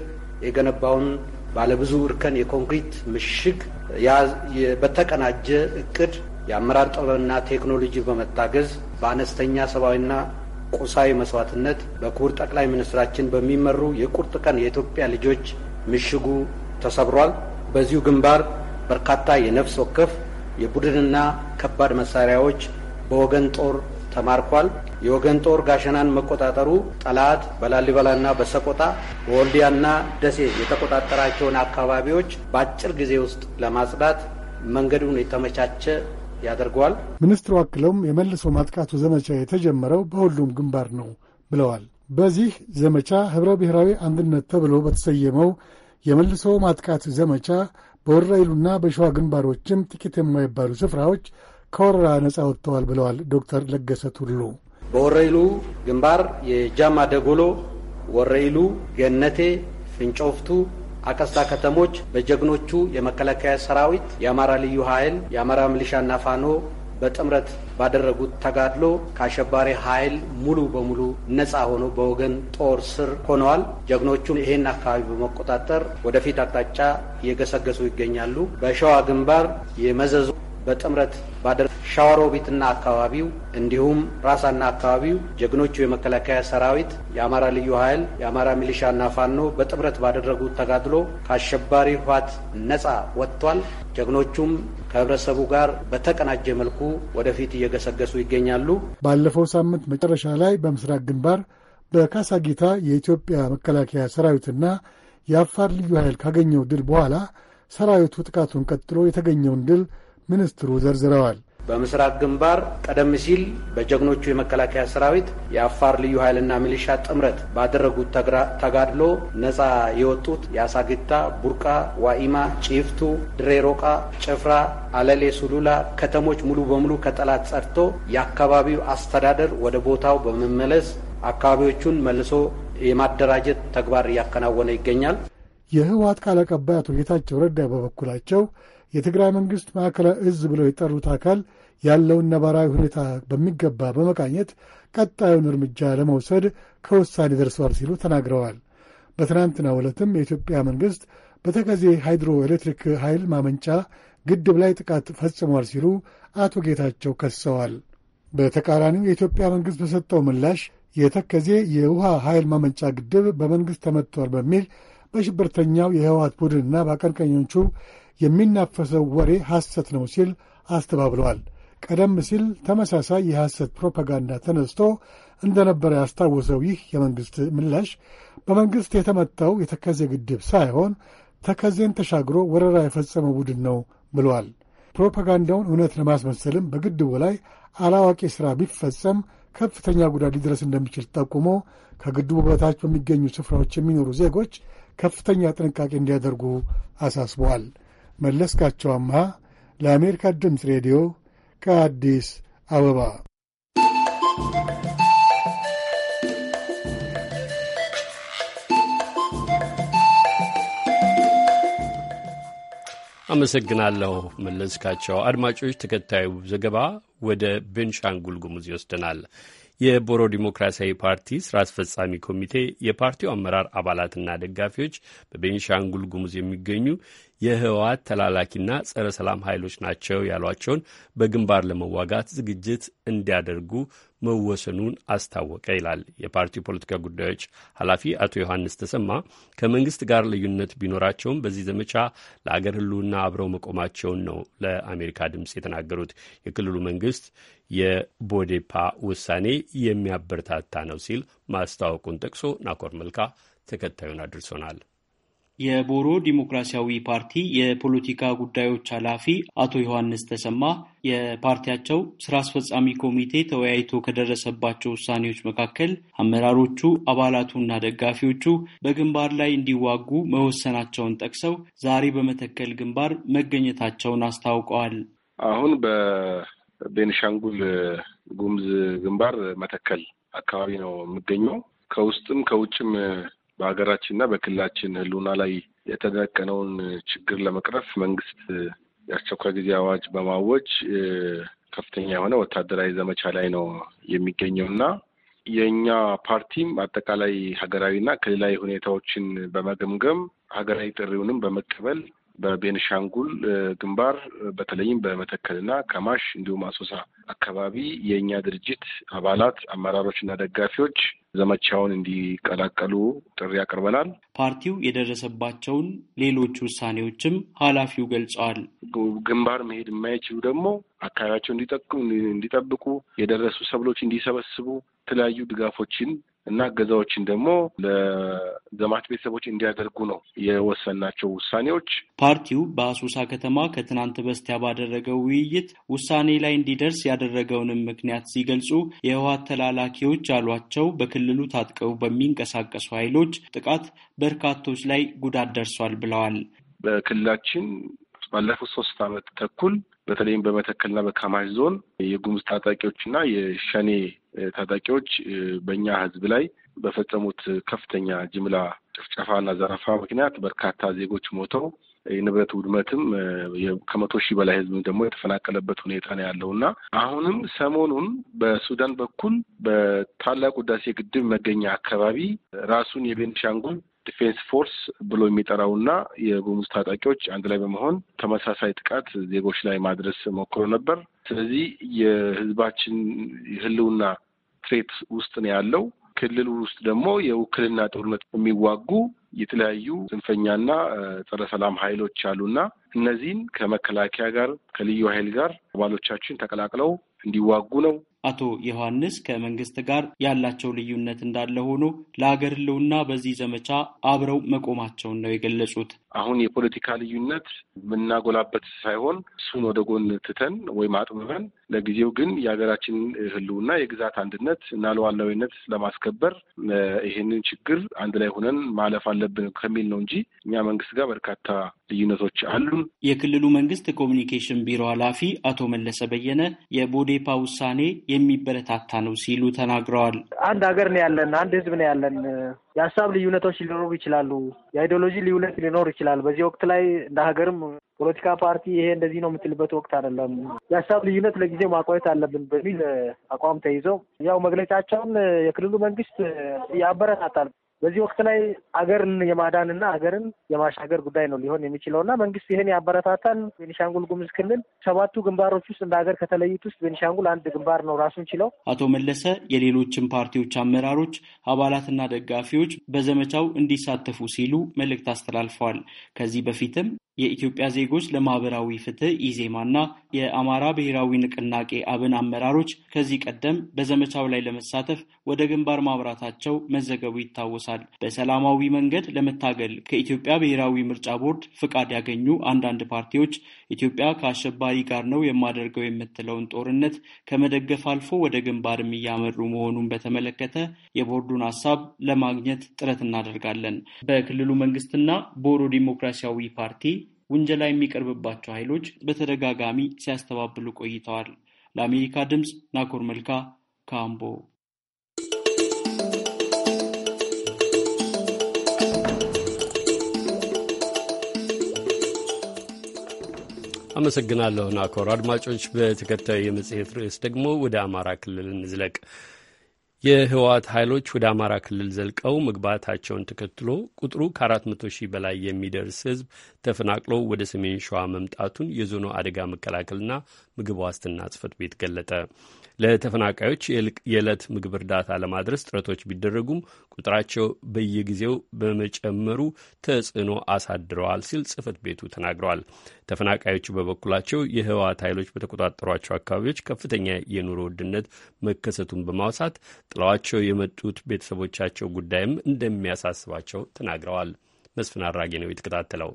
H: የገነባውን ባለብዙ እርከን የኮንክሪት ምሽግ በተቀናጀ እቅድ የአመራር ጥበብና ቴክኖሎጂ በመታገዝ በአነስተኛ ሰብአዊና ቁሳዊ መስዋዕትነት በክቡር ጠቅላይ ሚኒስትራችን በሚመሩ የቁርጥ ቀን የኢትዮጵያ ልጆች ምሽጉ ተሰብሯል። በዚሁ ግንባር በርካታ የነፍስ ወከፍ የቡድንና ከባድ መሳሪያዎች በወገን ጦር ተማርኳል። የወገን ጦር ጋሸናን መቆጣጠሩ ጠላት በላሊበላና በሰቆጣ በወልዲያና ደሴ የተቆጣጠራቸውን አካባቢዎች በአጭር ጊዜ ውስጥ ለማጽዳት መንገዱን የተመቻቸ ያደርገዋል።
G: ሚኒስትሩ አክለውም የመልሶ ማጥቃቱ ዘመቻ የተጀመረው በሁሉም ግንባር ነው ብለዋል። በዚህ ዘመቻ ኅብረ ብሔራዊ አንድነት ተብሎ በተሰየመው የመልሶ ማጥቃት ዘመቻ በወራይሉና በሸዋ ግንባሮችም ጥቂት የማይባሉ ስፍራዎች ከወረራ ነጻ ወጥተዋል ብለዋል ዶክተር ለገሰ ቱሉ።
H: በወረይሉ ግንባር የጃማ ደጎሎ፣ ወረይሉ፣ ገነቴ፣ ፍንጮፍቱ አቀስታ ከተሞች በጀግኖቹ የመከላከያ ሰራዊት፣ የአማራ ልዩ ኃይል፣ የአማራ ሚሊሻና ፋኖ በጥምረት ባደረጉት ተጋድሎ ከአሸባሪ ኃይል ሙሉ በሙሉ ነፃ ሆኖ በወገን ጦር ስር ሆነዋል። ጀግኖቹን ይሄን አካባቢ በመቆጣጠር ወደፊት አቅጣጫ እየገሰገሱ ይገኛሉ። በሸዋ ግንባር የመዘዙ በጥምረት ባደረ ቤትና አካባቢው እንዲሁም ራሳና አካባቢው ጀግኖቹ የመከላከያ ሰራዊት፣ የአማራ ልዩ ኃይል፣ የአማራ ሚሊሻና ፋኖ በጥምረት ባደረጉት ተጋድሎ ከአሸባሪ ህወሓት ነጻ ወጥቷል። ጀግኖቹም ከህብረተሰቡ ጋር በተቀናጀ መልኩ ወደፊት እየገሰገሱ ይገኛሉ።
G: ባለፈው ሳምንት መጨረሻ ላይ በምስራቅ ግንባር በካሳጊታ የኢትዮጵያ መከላከያ ሰራዊትና የአፋር ልዩ ኃይል ካገኘው ድል በኋላ ሰራዊቱ ጥቃቱን ቀጥሎ የተገኘውን ድል ሚኒስትሩ ዘርዝረዋል።
H: በምስራቅ ግንባር ቀደም ሲል በጀግኖቹ የመከላከያ ሰራዊት የአፋር ልዩ ኃይልና ሚሊሻ ጥምረት ባደረጉት ተጋድሎ ነጻ የወጡት የአሳግታ፣ ቡርቃ፣ ዋኢማ፣ ጪፍቱ፣ ድሬሮቃ፣ ሮቃ፣ ጭፍራ፣ አለሌ፣ ሱሉላ ከተሞች ሙሉ በሙሉ ከጠላት ጸድቶ የአካባቢው አስተዳደር ወደ ቦታው በመመለስ አካባቢዎቹን መልሶ የማደራጀት ተግባር እያከናወነ ይገኛል።
G: የህወሀት ቃል አቀባይ አቶ ጌታቸው ረዳ በበኩላቸው የትግራይ መንግሥት ማዕከላዊ እዝ ብለው የጠሩት አካል ያለውን ነባራዊ ሁኔታ በሚገባ በመቃኘት ቀጣዩን እርምጃ ለመውሰድ ከውሳኔ ደርሰዋል ሲሉ ተናግረዋል። በትናንትናው ዕለትም የኢትዮጵያ መንግሥት በተከዜ ሃይድሮ ኤሌክትሪክ ኃይል ማመንጫ ግድብ ላይ ጥቃት ፈጽሟል ሲሉ አቶ ጌታቸው ከሰዋል። በተቃራኒው የኢትዮጵያ መንግሥት በሰጠው ምላሽ የተከዜ የውሃ ኃይል ማመንጫ ግድብ በመንግሥት ተመትቷል በሚል በሽብርተኛው የህወሓት ቡድንና በአቀንቃኞቹ የሚናፈሰው ወሬ ሐሰት ነው ሲል አስተባብለዋል። ቀደም ሲል ተመሳሳይ የሐሰት ፕሮፓጋንዳ ተነስቶ እንደነበረ ያስታወሰው ይህ የመንግሥት ምላሽ በመንግሥት የተመታው የተከዜ ግድብ ሳይሆን ተከዜን ተሻግሮ ወረራ የፈጸመ ቡድን ነው ብለዋል። ፕሮፓጋንዳውን እውነት ለማስመሰልም በግድቡ ላይ አላዋቂ ሥራ ቢፈጸም ከፍተኛ ጉዳት ሊደረስ እንደሚችል ጠቁሞ ከግድቡ በታች በሚገኙ ስፍራዎች የሚኖሩ ዜጎች ከፍተኛ ጥንቃቄ እንዲያደርጉ አሳስበዋል። መለስካቸው አምሃ ለአሜሪካ ድምፅ ሬዲዮ ከአዲስ አበባ
A: አመሰግናለሁ መለስካቸው። አድማጮች፣ ተከታዩ ዘገባ ወደ ቤንሻንጉል ጉሙዝ ይወስደናል። የቦሮ ዲሞክራሲያዊ ፓርቲ ስራ አስፈጻሚ ኮሚቴ የፓርቲው አመራር አባላትና ደጋፊዎች በቤንሻንጉል ጉሙዝ የሚገኙ የህወሓት ተላላኪና ጸረ ሰላም ኃይሎች ናቸው ያሏቸውን በግንባር ለመዋጋት ዝግጅት እንዲያደርጉ መወሰኑን አስታወቀ ይላል የፓርቲው ፖለቲካ ጉዳዮች ኃላፊ አቶ ዮሐንስ ተሰማ። ከመንግስት ጋር ልዩነት ቢኖራቸውም በዚህ ዘመቻ ለአገር ህልውና አብረው መቆማቸውን ነው ለአሜሪካ ድምፅ የተናገሩት። የክልሉ መንግስት የቦዴፓ ውሳኔ የሚያበረታታ ነው ሲል ማስታወቁን ጠቅሶ ናኮር መልካ ተከታዩን አድርሶናል። የቦሮ
I: ዲሞክራሲያዊ ፓርቲ የፖለቲካ ጉዳዮች ኃላፊ አቶ ዮሐንስ ተሰማ የፓርቲያቸው ስራ አስፈጻሚ ኮሚቴ ተወያይቶ ከደረሰባቸው ውሳኔዎች መካከል አመራሮቹ፣ አባላቱና ደጋፊዎቹ በግንባር ላይ እንዲዋጉ መወሰናቸውን ጠቅሰው ዛሬ በመተከል ግንባር መገኘታቸውን አስታውቀዋል። አሁን
J: በቤንሻንጉል ጉሙዝ ግንባር መተከል አካባቢ ነው የምገኘው። ከውስጥም ከውጭም በሀገራችንና በክልላችን ህልውና ላይ የተደቀነውን ችግር ለመቅረፍ መንግስት የአስቸኳይ ጊዜ አዋጅ በማወጅ ከፍተኛ የሆነ ወታደራዊ ዘመቻ ላይ ነው የሚገኘው እና የእኛ ፓርቲም አጠቃላይ ሀገራዊና ክልላዊ ሁኔታዎችን በመገምገም ሀገራዊ ጥሪውንም በመቀበል በቤንሻንጉል ግንባር በተለይም በመተከልና ከማሽ እንዲሁም አሶሳ አካባቢ የእኛ ድርጅት አባላት አመራሮችና ደጋፊዎች ዘመቻውን እንዲቀላቀሉ ጥሪ ያቀርበናል።
I: ፓርቲው የደረሰባቸውን ሌሎች ውሳኔዎችም ኃላፊው ገልጸዋል። ግንባር መሄድ የማይችሉ ደግሞ አካባቢያቸው
J: እንዲጠብቁ የደረሱ ሰብሎች እንዲሰበስቡ የተለያዩ ድጋፎችን እና እገዛዎችን ደግሞ ለዘማች ቤተሰቦች እንዲያደርጉ ነው የወሰናቸው
I: ውሳኔዎች። ፓርቲው በአሶሳ ከተማ ከትናንት በስቲያ ባደረገው ውይይት ውሳኔ ላይ እንዲደርስ ያደረገውንም ምክንያት ሲገልጹ የህወሓት ተላላኪዎች አሏቸው በክልሉ ታጥቀው በሚንቀሳቀሱ ኃይሎች ጥቃት በርካቶች ላይ ጉዳት ደርሷል ብለዋል። በክልላችን ባለፉት ሶስት ዓመት ተኩል በተለይም በመተከልና በካማሽ
J: ዞን የጉሙዝ ታጣቂዎችና የሸኔ ታጣቂዎች በእኛ ህዝብ ላይ በፈጸሙት ከፍተኛ ጅምላ ጭፍጨፋና ዘረፋ ምክንያት በርካታ ዜጎች ሞተው የንብረት ውድመትም ከመቶ ሺህ በላይ ህዝብ ደግሞ የተፈናቀለበት ሁኔታ ነው ያለው እና አሁንም ሰሞኑን በሱዳን በኩል በታላቁ ህዳሴ ግድብ መገኛ አካባቢ ራሱን የቤንሻንጉል ዲፌንስ ፎርስ ብሎ የሚጠራውና የጉሙዝ ታጣቂዎች አንድ ላይ በመሆን ተመሳሳይ ጥቃት ዜጎች ላይ ማድረስ ሞክሮ ነበር። ስለዚህ የህዝባችን ህልውና ትሬት ውስጥ ነው ያለው። ክልሉ ውስጥ ደግሞ የውክልና ጦርነት የሚዋጉ የተለያዩ ጽንፈኛና ጸረ ሰላም ኃይሎች አሉና እነዚህን ከመከላከያ ጋር ከልዩ ኃይል ጋር አባሎቻችን
I: ተቀላቅለው እንዲዋጉ ነው አቶ ዮሐንስ ከመንግስት ጋር ያላቸው ልዩነት እንዳለ ሆኖ ለሀገር ህልውና በዚህ ዘመቻ አብረው መቆማቸውን ነው የገለጹት። አሁን የፖለቲካ ልዩነት የምናጎላበት ሳይሆን እሱን ወደ ጎን ትተን ወይም አጥብበን
J: ለጊዜው ግን የሀገራችን ህልውና የግዛት አንድነት እና ሉዓላዊነት ለማስከበር ይህንን ችግር አንድ ላይ ሆነን ማለፍ አለብን ከሚል ነው እንጂ እኛ መንግስት ጋር በርካታ ልዩነቶች አሉን።
I: የክልሉ መንግስት ኮሚኒኬሽን ቢሮ ኃላፊ አቶ መለሰ በየነ የቦዴፓ ውሳኔ የሚበረታታ ነው ሲሉ ተናግረዋል።
K: አንድ ሀገር ነው ያለን፣ አንድ ህዝብ ነው ያለን። የሀሳብ ልዩነቶች ሊኖሩ ይችላሉ። የአይዲዮሎጂ ልዩነት ሊኖር ይችላል። በዚህ ወቅት ላይ እንደ ሀገርም ፖለቲካ ፓርቲ ይሄ እንደዚህ ነው የምትልበት ወቅት አይደለም። የሀሳብ ልዩነት ለጊዜው ማቆየት አለብን በሚል አቋም ተይዘው ያው መግለጫቸውን የክልሉ መንግስት ያበረታታል። በዚህ ወቅት ላይ አገርን የማዳንና አገርን የማሻገር ጉዳይ ነው ሊሆን የሚችለውና መንግስት ይህን ያበረታታን። ቤኒሻንጉል ጉምዝ ክልል ሰባቱ ግንባሮች ውስጥ እንደ ሀገር ከተለዩት ውስጥ ቤኒሻንጉል አንድ ግንባር ነው ራሱን ችለው።
I: አቶ መለሰ የሌሎችን ፓርቲዎች አመራሮች፣ አባላትና ደጋፊዎች በዘመቻው እንዲሳተፉ ሲሉ መልእክት አስተላልፈዋል። ከዚህ በፊትም የኢትዮጵያ ዜጎች ለማህበራዊ ፍትህ ኢዜማና የአማራ ብሔራዊ ንቅናቄ አብን አመራሮች ከዚህ ቀደም በዘመቻው ላይ ለመሳተፍ ወደ ግንባር ማምራታቸው መዘገቡ ይታወሳል። በሰላማዊ መንገድ ለመታገል ከኢትዮጵያ ብሔራዊ ምርጫ ቦርድ ፍቃድ ያገኙ አንዳንድ ፓርቲዎች ኢትዮጵያ ከአሸባሪ ጋር ነው የማደርገው የምትለውን ጦርነት ከመደገፍ አልፎ ወደ ግንባርም እያመሩ መሆኑን በተመለከተ የቦርዱን ሀሳብ ለማግኘት ጥረት እናደርጋለን። በክልሉ መንግስትና ቦሮ ዲሞክራሲያዊ ፓርቲ ውንጀላ የሚቀርብባቸው ኃይሎች በተደጋጋሚ ሲያስተባብሉ ቆይተዋል። ለአሜሪካ ድምፅ ናኮር መልካ ካምቦ
A: አመሰግናለሁ ናኮር። አድማጮች፣ በተከታዩ የመጽሔት ርዕስ ደግሞ ወደ አማራ ክልል እንዝለቅ። የህወሓት ኃይሎች ወደ አማራ ክልል ዘልቀው መግባታቸውን ተከትሎ ቁጥሩ ከ400 ሺህ በላይ የሚደርስ ህዝብ ተፈናቅሎ ወደ ሰሜን ሸዋ መምጣቱን የዞኑ አደጋ መከላከልና ምግብ ዋስትና ጽህፈት ቤት ገለጠ። ለተፈናቃዮች የዕለት ምግብ እርዳታ ለማድረስ ጥረቶች ቢደረጉም ቁጥራቸው በየጊዜው በመጨመሩ ተጽዕኖ አሳድረዋል ሲል ጽህፈት ቤቱ ተናግረዋል። ተፈናቃዮቹ በበኩላቸው የህወሓት ኃይሎች በተቆጣጠሯቸው አካባቢዎች ከፍተኛ የኑሮ ውድነት መከሰቱን በማውሳት ጥለዋቸው የመጡት ቤተሰቦቻቸው ጉዳይም እንደሚያሳስባቸው ተናግረዋል። መስፍን አራጌ ነው የተከታተለው።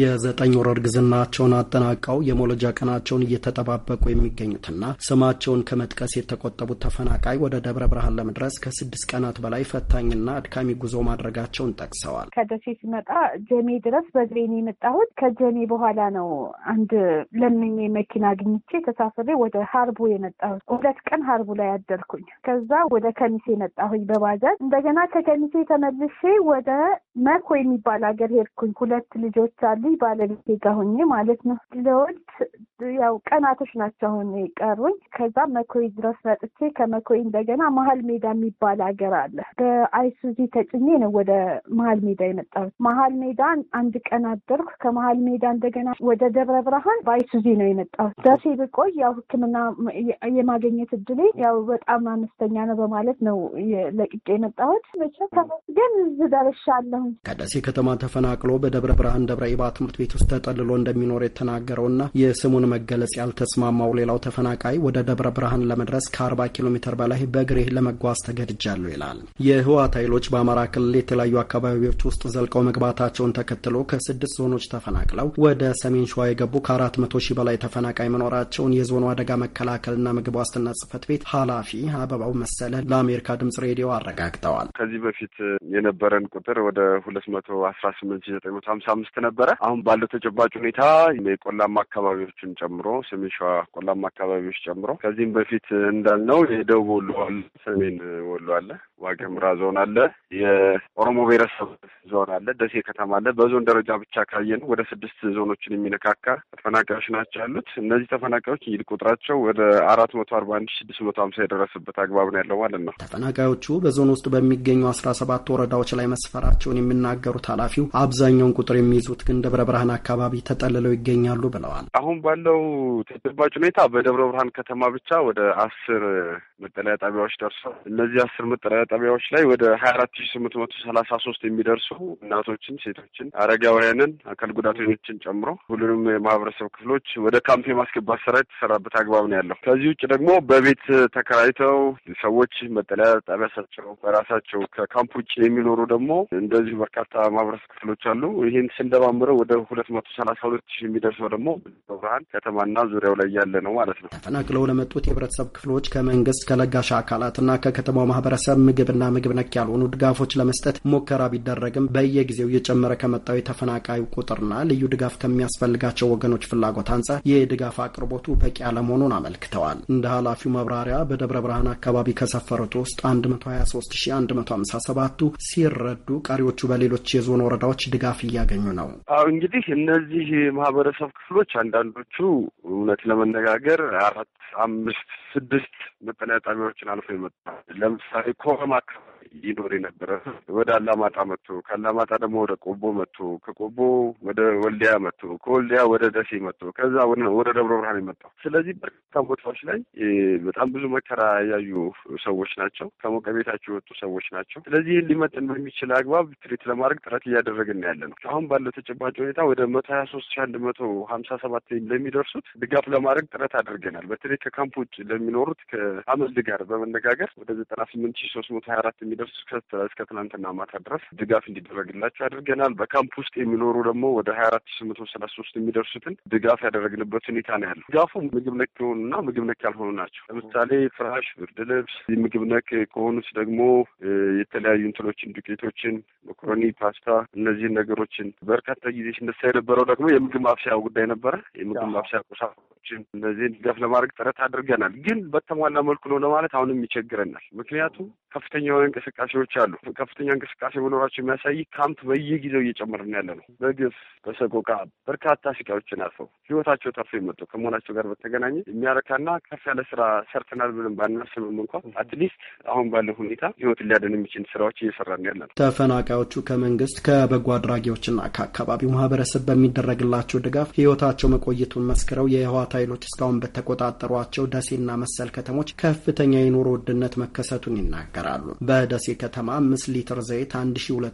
K: የዘጠኝ ወር እርግዝናቸውን አጠናቀው የመውለጃ ቀናቸውን እየተጠባበቁ የሚገኙትና ስማቸውን ከመጥቀስ የተቆጠቡት ተፈናቃይ ወደ ደብረ ብርሃን ለመድረስ ከስድስት ቀናት በላይ ፈታኝና አድካሚ ጉዞ ማድረጋቸውን ጠቅሰዋል።
L: ከደሴ ሲመጣ ጀሜ ድረስ በእግሬ የመጣሁት። ከጀሜ በኋላ ነው አንድ ለምኜ መኪና አግኝቼ ተሳፍሬ ወደ ሀርቡ የመጣሁት። ሁለት ቀን ሀርቡ ላይ አደርኩኝ። ከዛ ወደ ከሚሴ መጣሁኝ በባጃጅ። እንደገና ከከሚሴ ተመልሼ ወደ መርኮ የሚባል ሀገር ሄድኩኝ። ሁለት ልጆች አሉ ልጅ ባለቤቴ ጋር ሆኜ ማለት ነው። ለወልድ ያው ቀናቶች ናቸው አሁን የቀሩኝ። ከዛ መኮይ ድረስ መጥቼ ከመኮይ እንደገና መሀል ሜዳ የሚባል ሀገር አለ። በአይሱዚ ተጭኜ ነው ወደ መሀል ሜዳ የመጣሁት። መሀል ሜዳን አንድ ቀን አደርኩ። ከመሀል ሜዳ እንደገና ወደ ደብረ ብርሃን በአይሱዚ ነው የመጣሁት። ደሴ ብቆይ ያው ሕክምና የማገኘት እድሌ ያው በጣም አነስተኛ ነው በማለት ነው ለቅቄ የመጣሁት። መቼም ተመስገን እዚህ
K: ከደሴ ከተማ ተፈናቅሎ በደብረ ብርሃን ደብረ ኢባ ትምህርት ቤት ውስጥ ተጠልሎ እንደሚኖር የተናገረውና የስሙን መገለጽ ያልተስማማው ሌላው ተፈናቃይ ወደ ደብረ ብርሃን ለመድረስ ከ40 ኪሎ ሜትር በላይ በእግሬ ለመጓዝ ተገድጃለሁ ይላል። የህወሓት ኃይሎች በአማራ ክልል የተለያዩ አካባቢዎች ውስጥ ዘልቀው መግባታቸውን ተከትሎ ከስድስት ዞኖች ተፈናቅለው ወደ ሰሜን ሸዋ የገቡ ከአራት መቶ ሺህ በላይ ተፈናቃይ መኖራቸውን የዞኑ አደጋ መከላከልና ምግብ ዋስትና ጽህፈት ቤት ኃላፊ አበባው መሰለ ለአሜሪካ ድምጽ ሬዲዮ
M: አረጋግጠዋል። ከዚህ በፊት የነበረን ቁጥር ወደ ሁለት መቶ አስራ ስምንት ሺህ ዘጠኝ መቶ ሀምሳ አምስት ነበረ። አሁን ባለው ተጨባጭ ሁኔታ የቆላማ አካባቢዎችን ጨምሮ ሰሜን ሸዋ ቆላማ አካባቢዎች ጨምሮ ከዚህም በፊት እንዳልነው የደቡብ ወሎ አለ፣ ሰሜን ወሎ አለ፣ ዋገምራ ዞን አለ፣ የኦሮሞ ብሔረሰብ ዞን አለ፣ ደሴ ከተማ አለ። በዞን ደረጃ ብቻ ካየን ወደ ስድስት ዞኖችን የሚነካካ ተፈናቃዮች ናቸው ያሉት። እነዚህ ተፈናቃዮች እንግዲህ ቁጥራቸው ወደ አራት መቶ አርባ አንድ ስድስት መቶ ሀምሳ የደረሰበት አግባብ ነው ያለው ማለት ነው።
K: ተፈናቃዮቹ በዞን ውስጥ በሚገኙ አስራ ሰባት ወረዳዎች ላይ መስፈራቸውን የሚናገሩት ኃላፊው አብዛኛውን ቁጥር የሚይዙት ግን ደብረ ብርሃን አካባቢ ተጠልለው ይገኛሉ ብለዋል።
M: አሁን ባለው ተጨባጭ ሁኔታ በደብረ ብርሃን ከተማ ብቻ ወደ አስር መጠለያ ጣቢያዎች ደርሷል። እነዚህ አስር መጠለያ ጣቢያዎች ላይ ወደ ሀያ አራት ሺ ስምንት መቶ ሰላሳ ሶስት የሚደርሱ እናቶችን፣ ሴቶችን፣ አረጋውያንን፣ አካል ጉዳተኞችን ጨምሮ ሁሉንም የማህበረሰብ ክፍሎች ወደ ካምፕ የማስገባት ስራ የተሰራበት አግባብ ነው ያለው። ከዚህ ውጭ ደግሞ በቤት ተከራይተው ሰዎች መጠለያ ጣቢያ ሳቸው በራሳቸው ከካምፕ ውጭ የሚኖሩ ደግሞ እንደዚሁ በርካታ ማህበረሰብ ክፍሎች አሉ። ይህን ስንደማምረው የነበረው ወደ ሁለት መቶ ሰላሳ ሁለት ሺህ የሚደርሰው ደግሞ ብርሃን ከተማና ዙሪያው ላይ ያለ ነው ማለት ነው።
K: ተፈናቅለው ለመጡት የህብረተሰብ ክፍሎች ከመንግስት ከለጋሽ አካላትና ከከተማው ማህበረሰብ ምግብና ምግብ ነክ ያልሆኑ ድጋፎች ለመስጠት ሞከራ ቢደረግም በየጊዜው እየጨመረ ከመጣው የተፈናቃዩ ቁጥርና ልዩ ድጋፍ ከሚያስፈልጋቸው ወገኖች ፍላጎት አንጻር የድጋፍ አቅርቦቱ በቂ አለመሆኑን አመልክተዋል። እንደ ኃላፊው መብራሪያ በደብረ ብርሃን አካባቢ ከሰፈሩት ውስጥ 123157ቱ ሲረዱ፣ ቀሪዎቹ በሌሎች የዞን ወረዳዎች ድጋፍ እያገኙ ነው።
M: አዎ እንግዲህ እነዚህ ማህበረሰብ ክፍሎች አንዳንዶቹ እውነት ለመነጋገር አራት፣ አምስት፣ ስድስት መጠለያ ጣቢያዎችን አልፎ ይመጣል። ለምሳሌ ኮረም አካባቢ ይኖር የነበረ ወደ አላማጣ መጥቶ ከአላማጣ ደግሞ ወደ ቆቦ መጥቶ ከቆቦ ወደ ወልዲያ መጥቶ ከወልዲያ ወደ ደሴ መጥቶ ከዛ ወደ ደብረ ብርሃን የመጣው ስለዚህ በርካታ ቦታዎች ላይ በጣም ብዙ መከራ ያዩ ሰዎች ናቸው። ከሞቀ ቤታቸው የወጡ ሰዎች ናቸው። ስለዚህ ይህን ሊመጥን በሚችል አግባብ ትሪት ለማድረግ ጥረት እያደረግን ያለ ነው። አሁን ባለው ተጨባጭ ሁኔታ ወደ መቶ ሀያ ሶስት ሺ አንድ መቶ ሀምሳ ሰባት ለሚደርሱት ድጋፍ ለማድረግ ጥረት አድርገናል። በተለይ ከካምፕ ውጭ ለሚኖሩት ከአመልድ ጋር በመነጋገር ወደ ዘጠና ስምንት ሺ ሶስት መቶ ሀያ አራት የሚደ ሳይደርስ እስከ ትናንትና ማታ ድረስ ድጋፍ እንዲደረግላቸው አድርገናል። በካምፕ ውስጥ የሚኖሩ ደግሞ ወደ ሀያ አራት ሺህ መቶ ሰላሳ ሶስት የሚደርሱትን ድጋፍ ያደረግንበት ሁኔታ ነው ያለው። ድጋፉ ምግብ ነክ የሆኑና ምግብ ነክ ያልሆኑ ናቸው። ለምሳሌ ፍራሽ፣ ብርድ ልብስ፣ ምግብ ነክ ከሆኑት ደግሞ የተለያዩ እንትኖችን፣ ዱቄቶችን፣ መኮረኒ፣ ፓስታ እነዚህን ነገሮችን በርካታ ጊዜ ሲነሳ የነበረው ደግሞ የምግብ ማብሰያ ጉዳይ ነበረ። የምግብ ማብሰያ ቁሳቁሶችን እነዚህን ድጋፍ ለማድረግ ጥረት አድርገናል። ግን በተሟላ መልኩ ነው ለማለት አሁንም ይቸግረናል። ምክንያቱም ከፍተኛ የሆነ እንቅስቃሴዎች አሉ። ከፍተኛ እንቅስቃሴ መኖራቸው የሚያሳይ ካምፕ በየጊዜው እየጨመርን ያለ ነው። በግፍ በሰቆቃ በርካታ ስቃዮችን አልፈው ህይወታቸው ተርፎ የመጡ ከመሆናቸው ጋር በተገናኘ የሚያረካና ከፍ ያለ ስራ ሰርተናል ብለን ባናስብም እንኳን አትሊስት አሁን ባለው ሁኔታ ህይወት ሊያደን የሚችል ስራዎች እየሰራን ያለ ነው።
K: ተፈናቃዮቹ ከመንግስት ከበጎ አድራጊዎችና ከአካባቢው ማህበረሰብ በሚደረግላቸው ድጋፍ ህይወታቸው መቆየቱን መስክረው የህወሓት ኃይሎች እስካሁን በተቆጣጠሯቸው ደሴና መሰል ከተሞች ከፍተኛ የኑሮ ውድነት መከሰቱን ይናገራሉ። በደ ደሴ ከተማ አምስት ሊትር ዘይት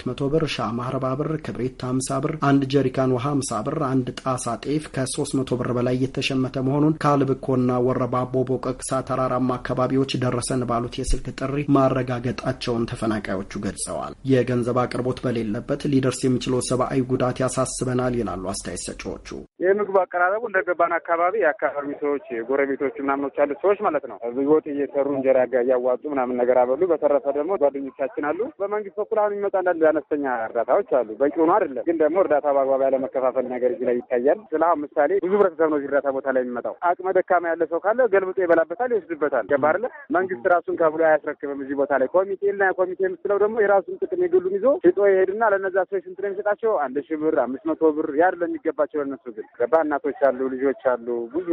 K: መቶ ብር፣ ሻማ 40 ብር፣ ክብሪት ሀምሳ ብር፣ አንድ ጀሪካን ውሃ 50 ብር፣ አንድ ጣሳ ጤፍ ከ መቶ ብር በላይ የተሸመተ መሆኑን ከአልብኮና ወረባቦ ቦቀቅሳ ተራራማ አካባቢዎች ደረሰን ባሉት የስልክ ጥሪ ማረጋገጣቸውን ተፈናቃዮቹ ገልጸዋል። የገንዘብ አቅርቦት በሌለበት ሊደርስ የሚችለው ሰብአዊ ጉዳት ያሳስበናል ይላሉ አስተያየት ሰጪዎቹ።
N: የምግቡ አቀራረቡ እንደገባን አካባቢ የአካባቢ ሰዎች ጎረቤቶች ምናምኖች ያሉት ሰዎች ማለት ነው ወጥ እየሰሩ እንጀራ እያዋጡ ምናምን ነገር አበሉ። በተረፈ ደግሞ ጓደኞቻችን አሉ። በመንግስት በኩል አሁን የሚመጣ አንዳንድ አነስተኛ እርዳታዎች አሉ። በቂ ሆኖ አይደለም ግን ደግሞ እርዳታ በአግባብ ያለመከፋፈል ነገር እዚህ ላይ ይታያል። ስለ አሁን ምሳሌ ብዙ ህብረተሰብ ነው እርዳታ ቦታ ላይ የሚመጣው። አቅመ ደካማ ያለ ሰው ካለ ገልብጦ ይበላበታል፣ ይወስድበታል። ገባ አይደለ? መንግስት ራሱን ከብሎ አያስረክብም። እዚህ ቦታ ላይ ኮሚቴና ኮሚቴ የምትለው ደግሞ የራሱን ጥቅም የግሉን ይዞ ሽጦ ይሄድና ለነዛ ሰዎች ስንት ነው የሚሰጣቸው? አንድ ሺህ ብር አምስት መቶ ብር ያድ የሚገባቸው ለነሱ ግን ገባ እናቶች አሉ፣ ልጆች አሉ፣ ብዙ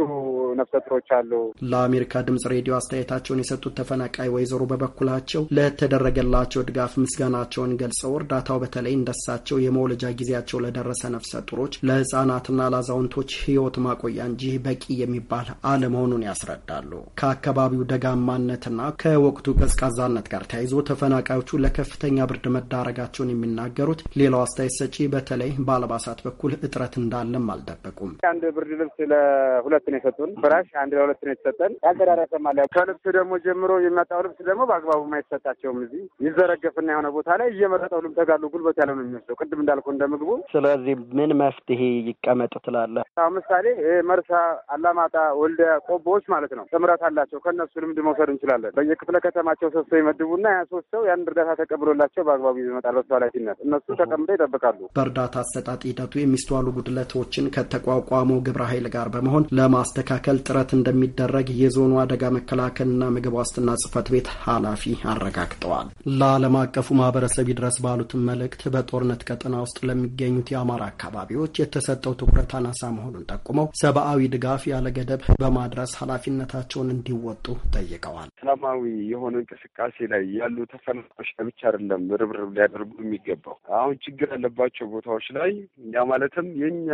N: ነፍሰ አሉ።
K: ለአሜሪካ ድምጽ ሬዲዮ አስተያየታቸውን የሰጡት ተፈናቃይ ወይዘሮ በበኩላቸው ለተደረገላቸው ድጋፍ ምስጋናቸውን ገልጸው እርዳታው በተለይ እንደሳቸው የመውለጃ ጊዜያቸው ለደረሰ ነፍሰ ጡሮች፣ ለህጻናትና ለአዛውንቶች ህይወት ማቆያ እንጂ በቂ የሚባል አለመሆኑን ያስረዳሉ። ከአካባቢው ደጋማነትና ከወቅቱ ቀዝቃዛነት ጋር ተያይዞ ተፈናቃዮቹ ለከፍተኛ ብርድ መዳረጋቸውን የሚናገሩት ሌላው አስተያየት ሰጪ በተለይ በአልባሳት በኩል እጥረት እንዳለም አልደበ አልጠበቁም።
N: አንድ ብርድ ልብስ ለሁለት ነው የሰጡን፣ ፍራሽ አንድ ለሁለት ነው የተሰጠን። ያልተዳረሰም አለ። ከልብስ ደግሞ ጀምሮ የሚያጣው ልብስ ደግሞ በአግባቡ አይሰጣቸውም። እዚህ
K: ይዘረገፍና
N: የሆነ ቦታ ላይ እየመረጠው ልምጠጋሉ ጉልበት ያለው ነው የሚወስደው፣ ቅድም እንዳልኩ እንደ ምግቡ።
K: ስለዚህ ምን መፍትሄ ይቀመጥ ትላለህ?
N: አሁ ምሳሌ መርሳ፣ አላማጣ፣ ወልደ ቆቦዎች ማለት ነው ጥምረት አላቸው። ከእነሱ ልምድ መውሰድ እንችላለን። በየክፍለ ከተማቸው ሶስት ሰው ይመድቡና ያ ሶስት ሰው ያን እርዳታ ተቀብሎላቸው በአግባቡ ይመጣል። በሱ ኃላፊነት እነሱ ተቀምጠው ይጠብቃሉ።
K: በእርዳታ አሰጣጥ ሂደቱ የሚስተዋሉ ጉድለቶችን ከተ ከተቋቋመው ግብረ ኃይል ጋር በመሆን ለማስተካከል ጥረት እንደሚደረግ የዞኑ አደጋ መከላከልና ምግብ ዋስትና ጽህፈት ቤት ኃላፊ አረጋግጠዋል። ለዓለም አቀፉ ማህበረሰብ ይድረስ ባሉትን መልእክት በጦርነት ቀጠና ውስጥ ለሚገኙት የአማራ አካባቢዎች የተሰጠው ትኩረት አናሳ መሆኑን ጠቁመው ሰብአዊ ድጋፍ ያለ ገደብ በማድረስ ኃላፊነታቸውን እንዲወጡ ጠይቀዋል።
M: ሰላማዊ የሆነ እንቅስቃሴ ላይ ያሉ ተፈናቃዮች ለብቻ አይደለም ርብርብ ሊያደርጉ የሚገባው። አሁን ችግር ያለባቸው ቦታዎች ላይ ያ ማለትም የእኛ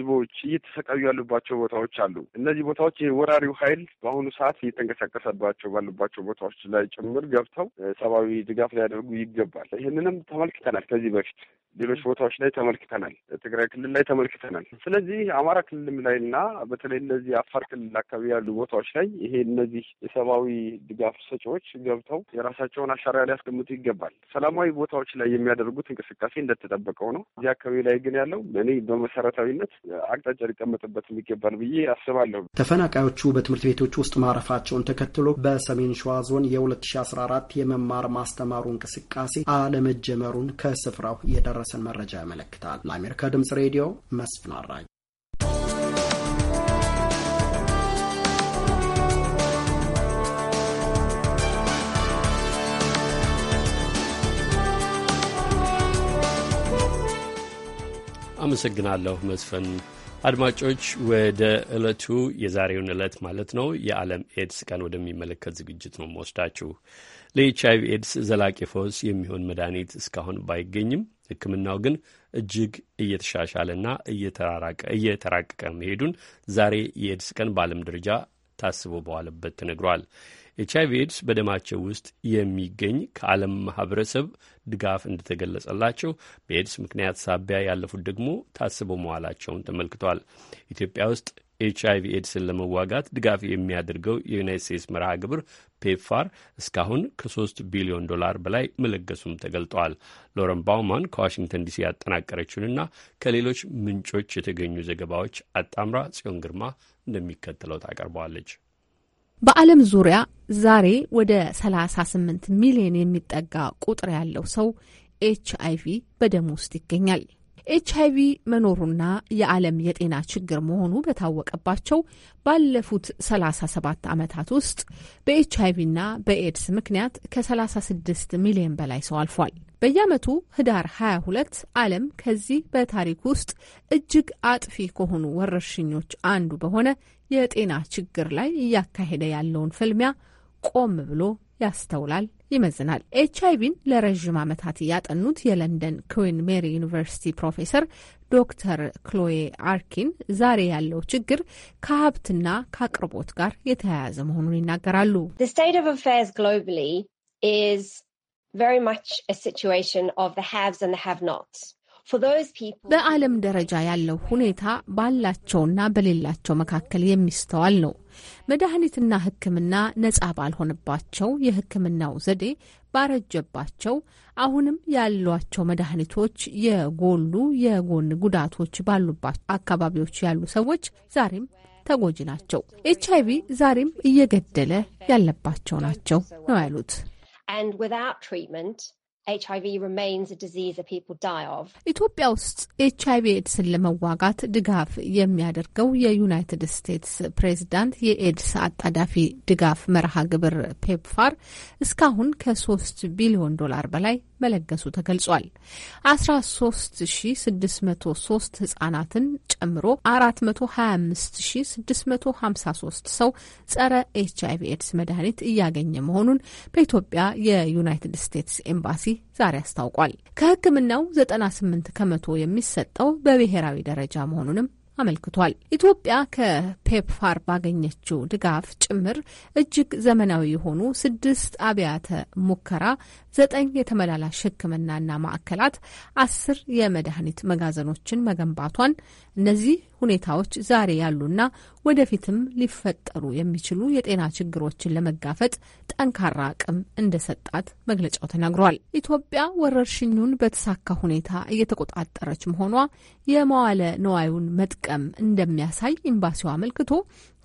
M: ህዝቦች እየተሰቃዩ ያሉባቸው ቦታዎች አሉ። እነዚህ ቦታዎች የወራሪው ኃይል በአሁኑ ሰዓት እየተንቀሳቀሰባቸው ባሉባቸው ቦታዎች ላይ ጭምር ገብተው ሰብአዊ ድጋፍ ሊያደርጉ ይገባል። ይህንንም ተመልክተናል። ከዚህ በፊት ሌሎች ቦታዎች ላይ ተመልክተናል። ትግራይ ክልል ላይ ተመልክተናል። ስለዚህ አማራ ክልልም ላይ እና በተለይ እነዚህ አፋር ክልል አካባቢ ያሉ ቦታዎች ላይ ይሄ እነዚህ የሰብአዊ ድጋፍ ሰጪዎች ገብተው የራሳቸውን አሻራ ሊያስቀምጡ ይገባል። ሰላማዊ ቦታዎች ላይ የሚያደርጉት እንቅስቃሴ እንደተጠበቀው ነው። እዚህ አካባቢ ላይ ግን ያለው እኔ በመሰረታዊነት አቅጣጫ ሊቀመጥበት የሚገባል ብዬ አስባለሁ።
K: ተፈናቃዮቹ በትምህርት ቤቶች ውስጥ ማረፋቸውን ተከትሎ በሰሜን ሸዋ ዞን የ2014 የመማር ማስተማሩ እንቅስቃሴ አለመጀመሩን ከስፍራው የደረሰን መረጃ ያመለክታል። ለአሜሪካ ድምጽ ሬዲዮ መስፍን አራጅ
A: አመሰግናለሁ መስፍን። አድማጮች ወደ ዕለቱ የዛሬውን ዕለት ማለት ነው የዓለም ኤድስ ቀን ወደሚመለከት ዝግጅት ነው መወስዳችሁ። ለኤች አይቪ ኤድስ ዘላቂ ፈውስ የሚሆን መድኃኒት እስካሁን ባይገኝም ሕክምናው ግን እጅግ እየተሻሻለና እየተራቀቀ መሄዱን ዛሬ የኤድስ ቀን በዓለም ደረጃ ታስቦ በዋለበት ተነግሯል። ኤች አይቪ ኤድስ በደማቸው ውስጥ የሚገኝ ከዓለም ማህበረሰብ ድጋፍ እንደተገለጸላቸው በኤድስ ምክንያት ሳቢያ ያለፉት ደግሞ ታስበው መዋላቸውን ተመልክቷል። ኢትዮጵያ ውስጥ ኤች አይቪ ኤድስን ለመዋጋት ድጋፍ የሚያደርገው የዩናይት ስቴትስ መርሃ ግብር ፔፕፋር እስካሁን ከሶስት ቢሊዮን ዶላር በላይ መለገሱም ተገልጧል። ሎረን ባውማን ከዋሽንግተን ዲሲ ያጠናቀረችውንና ከሌሎች ምንጮች የተገኙ ዘገባዎች አጣምራ ጽዮን ግርማ እንደሚከተለው ታቀርበዋለች።
O: በዓለም ዙሪያ ዛሬ ወደ 38 ሚሊዮን የሚጠጋ ቁጥር ያለው ሰው ኤች አይቪ በደም ውስጥ ይገኛል። ኤች አይቪ መኖሩና የዓለም የጤና ችግር መሆኑ በታወቀባቸው ባለፉት 37 ዓመታት ውስጥ በኤች አይቪና በኤድስ ምክንያት ከ36 ሚሊዮን በላይ ሰው አልፏል። በየዓመቱ ህዳር 22 ዓለም ከዚህ በታሪክ ውስጥ እጅግ አጥፊ ከሆኑ ወረርሽኞች አንዱ በሆነ የጤና ችግር ላይ እያካሄደ ያለውን ፍልሚያ ቆም ብሎ ያስተውላል፣ ይመዝናል። ኤች አይቪን ለረዥም ዓመታት ያጠኑት የለንደን ኩዊን ሜሪ ዩኒቨርሲቲ ፕሮፌሰር ዶክተር ክሎዬ አርኪን ዛሬ ያለው ችግር ከሀብትና ከአቅርቦት ጋር የተያያዘ መሆኑን ይናገራሉ። ስ ቨሪ ማች ሲቹዌሽን ኦፍ ዘ በዓለም ደረጃ ያለው ሁኔታ ባላቸውና በሌላቸው መካከል የሚስተዋል ነው። መድኃኒትና ሕክምና ነጻ ባልሆነባቸው፣ የሕክምናው ዘዴ ባረጀባቸው፣ አሁንም ያሏቸው መድኃኒቶች የጎሉ የጎን ጉዳቶች ባሉባቸው አካባቢዎች ያሉ ሰዎች ዛሬም ተጎጂ ናቸው። ኤች አይ ቪ ዛሬም እየገደለ ያለባቸው ናቸው ነው ያሉት። ኢትዮጵያ ውስጥ ኤች አይቪ ኤድስን ለመዋጋት ድጋፍ የሚያደርገው የዩናይትድ ስቴትስ ፕሬዚዳንት የኤድስ አጣዳፊ ድጋፍ መርሃ ግብር ፔፕፋር እስካሁን ከሶስት ቢሊዮን ዶላር በላይ መለገሱ ተገልጿል። 13603 ህጻናትን ጨምሮ 425653 ሰው ጸረ ኤች አይቪ ኤድስ መድኃኒት እያገኘ መሆኑን በኢትዮጵያ የዩናይትድ ስቴትስ ኤምባሲ ዛሬ አስታውቋል። ከህክምናው 98 ከመቶ የሚሰጠው በብሔራዊ ደረጃ መሆኑንም አመልክቷል። ኢትዮጵያ ከፔፕፋር ባገኘችው ድጋፍ ጭምር እጅግ ዘመናዊ የሆኑ ስድስት አብያተ ሙከራ፣ ዘጠኝ የተመላላሽ ሕክምናና ማዕከላት፣ አስር የመድኃኒት መጋዘኖችን መገንባቷን እነዚህ ሁኔታዎች ዛሬ ያሉና ወደፊትም ሊፈጠሩ የሚችሉ የጤና ችግሮችን ለመጋፈጥ ጠንካራ አቅም እንደሰጣት መግለጫው ተናግሯል። ኢትዮጵያ ወረርሽኙን በተሳካ ሁኔታ እየተቆጣጠረች መሆኗ የመዋለ ነዋዩን መጥቀም እንደሚያሳይ ኤምባሲው አመልክቶ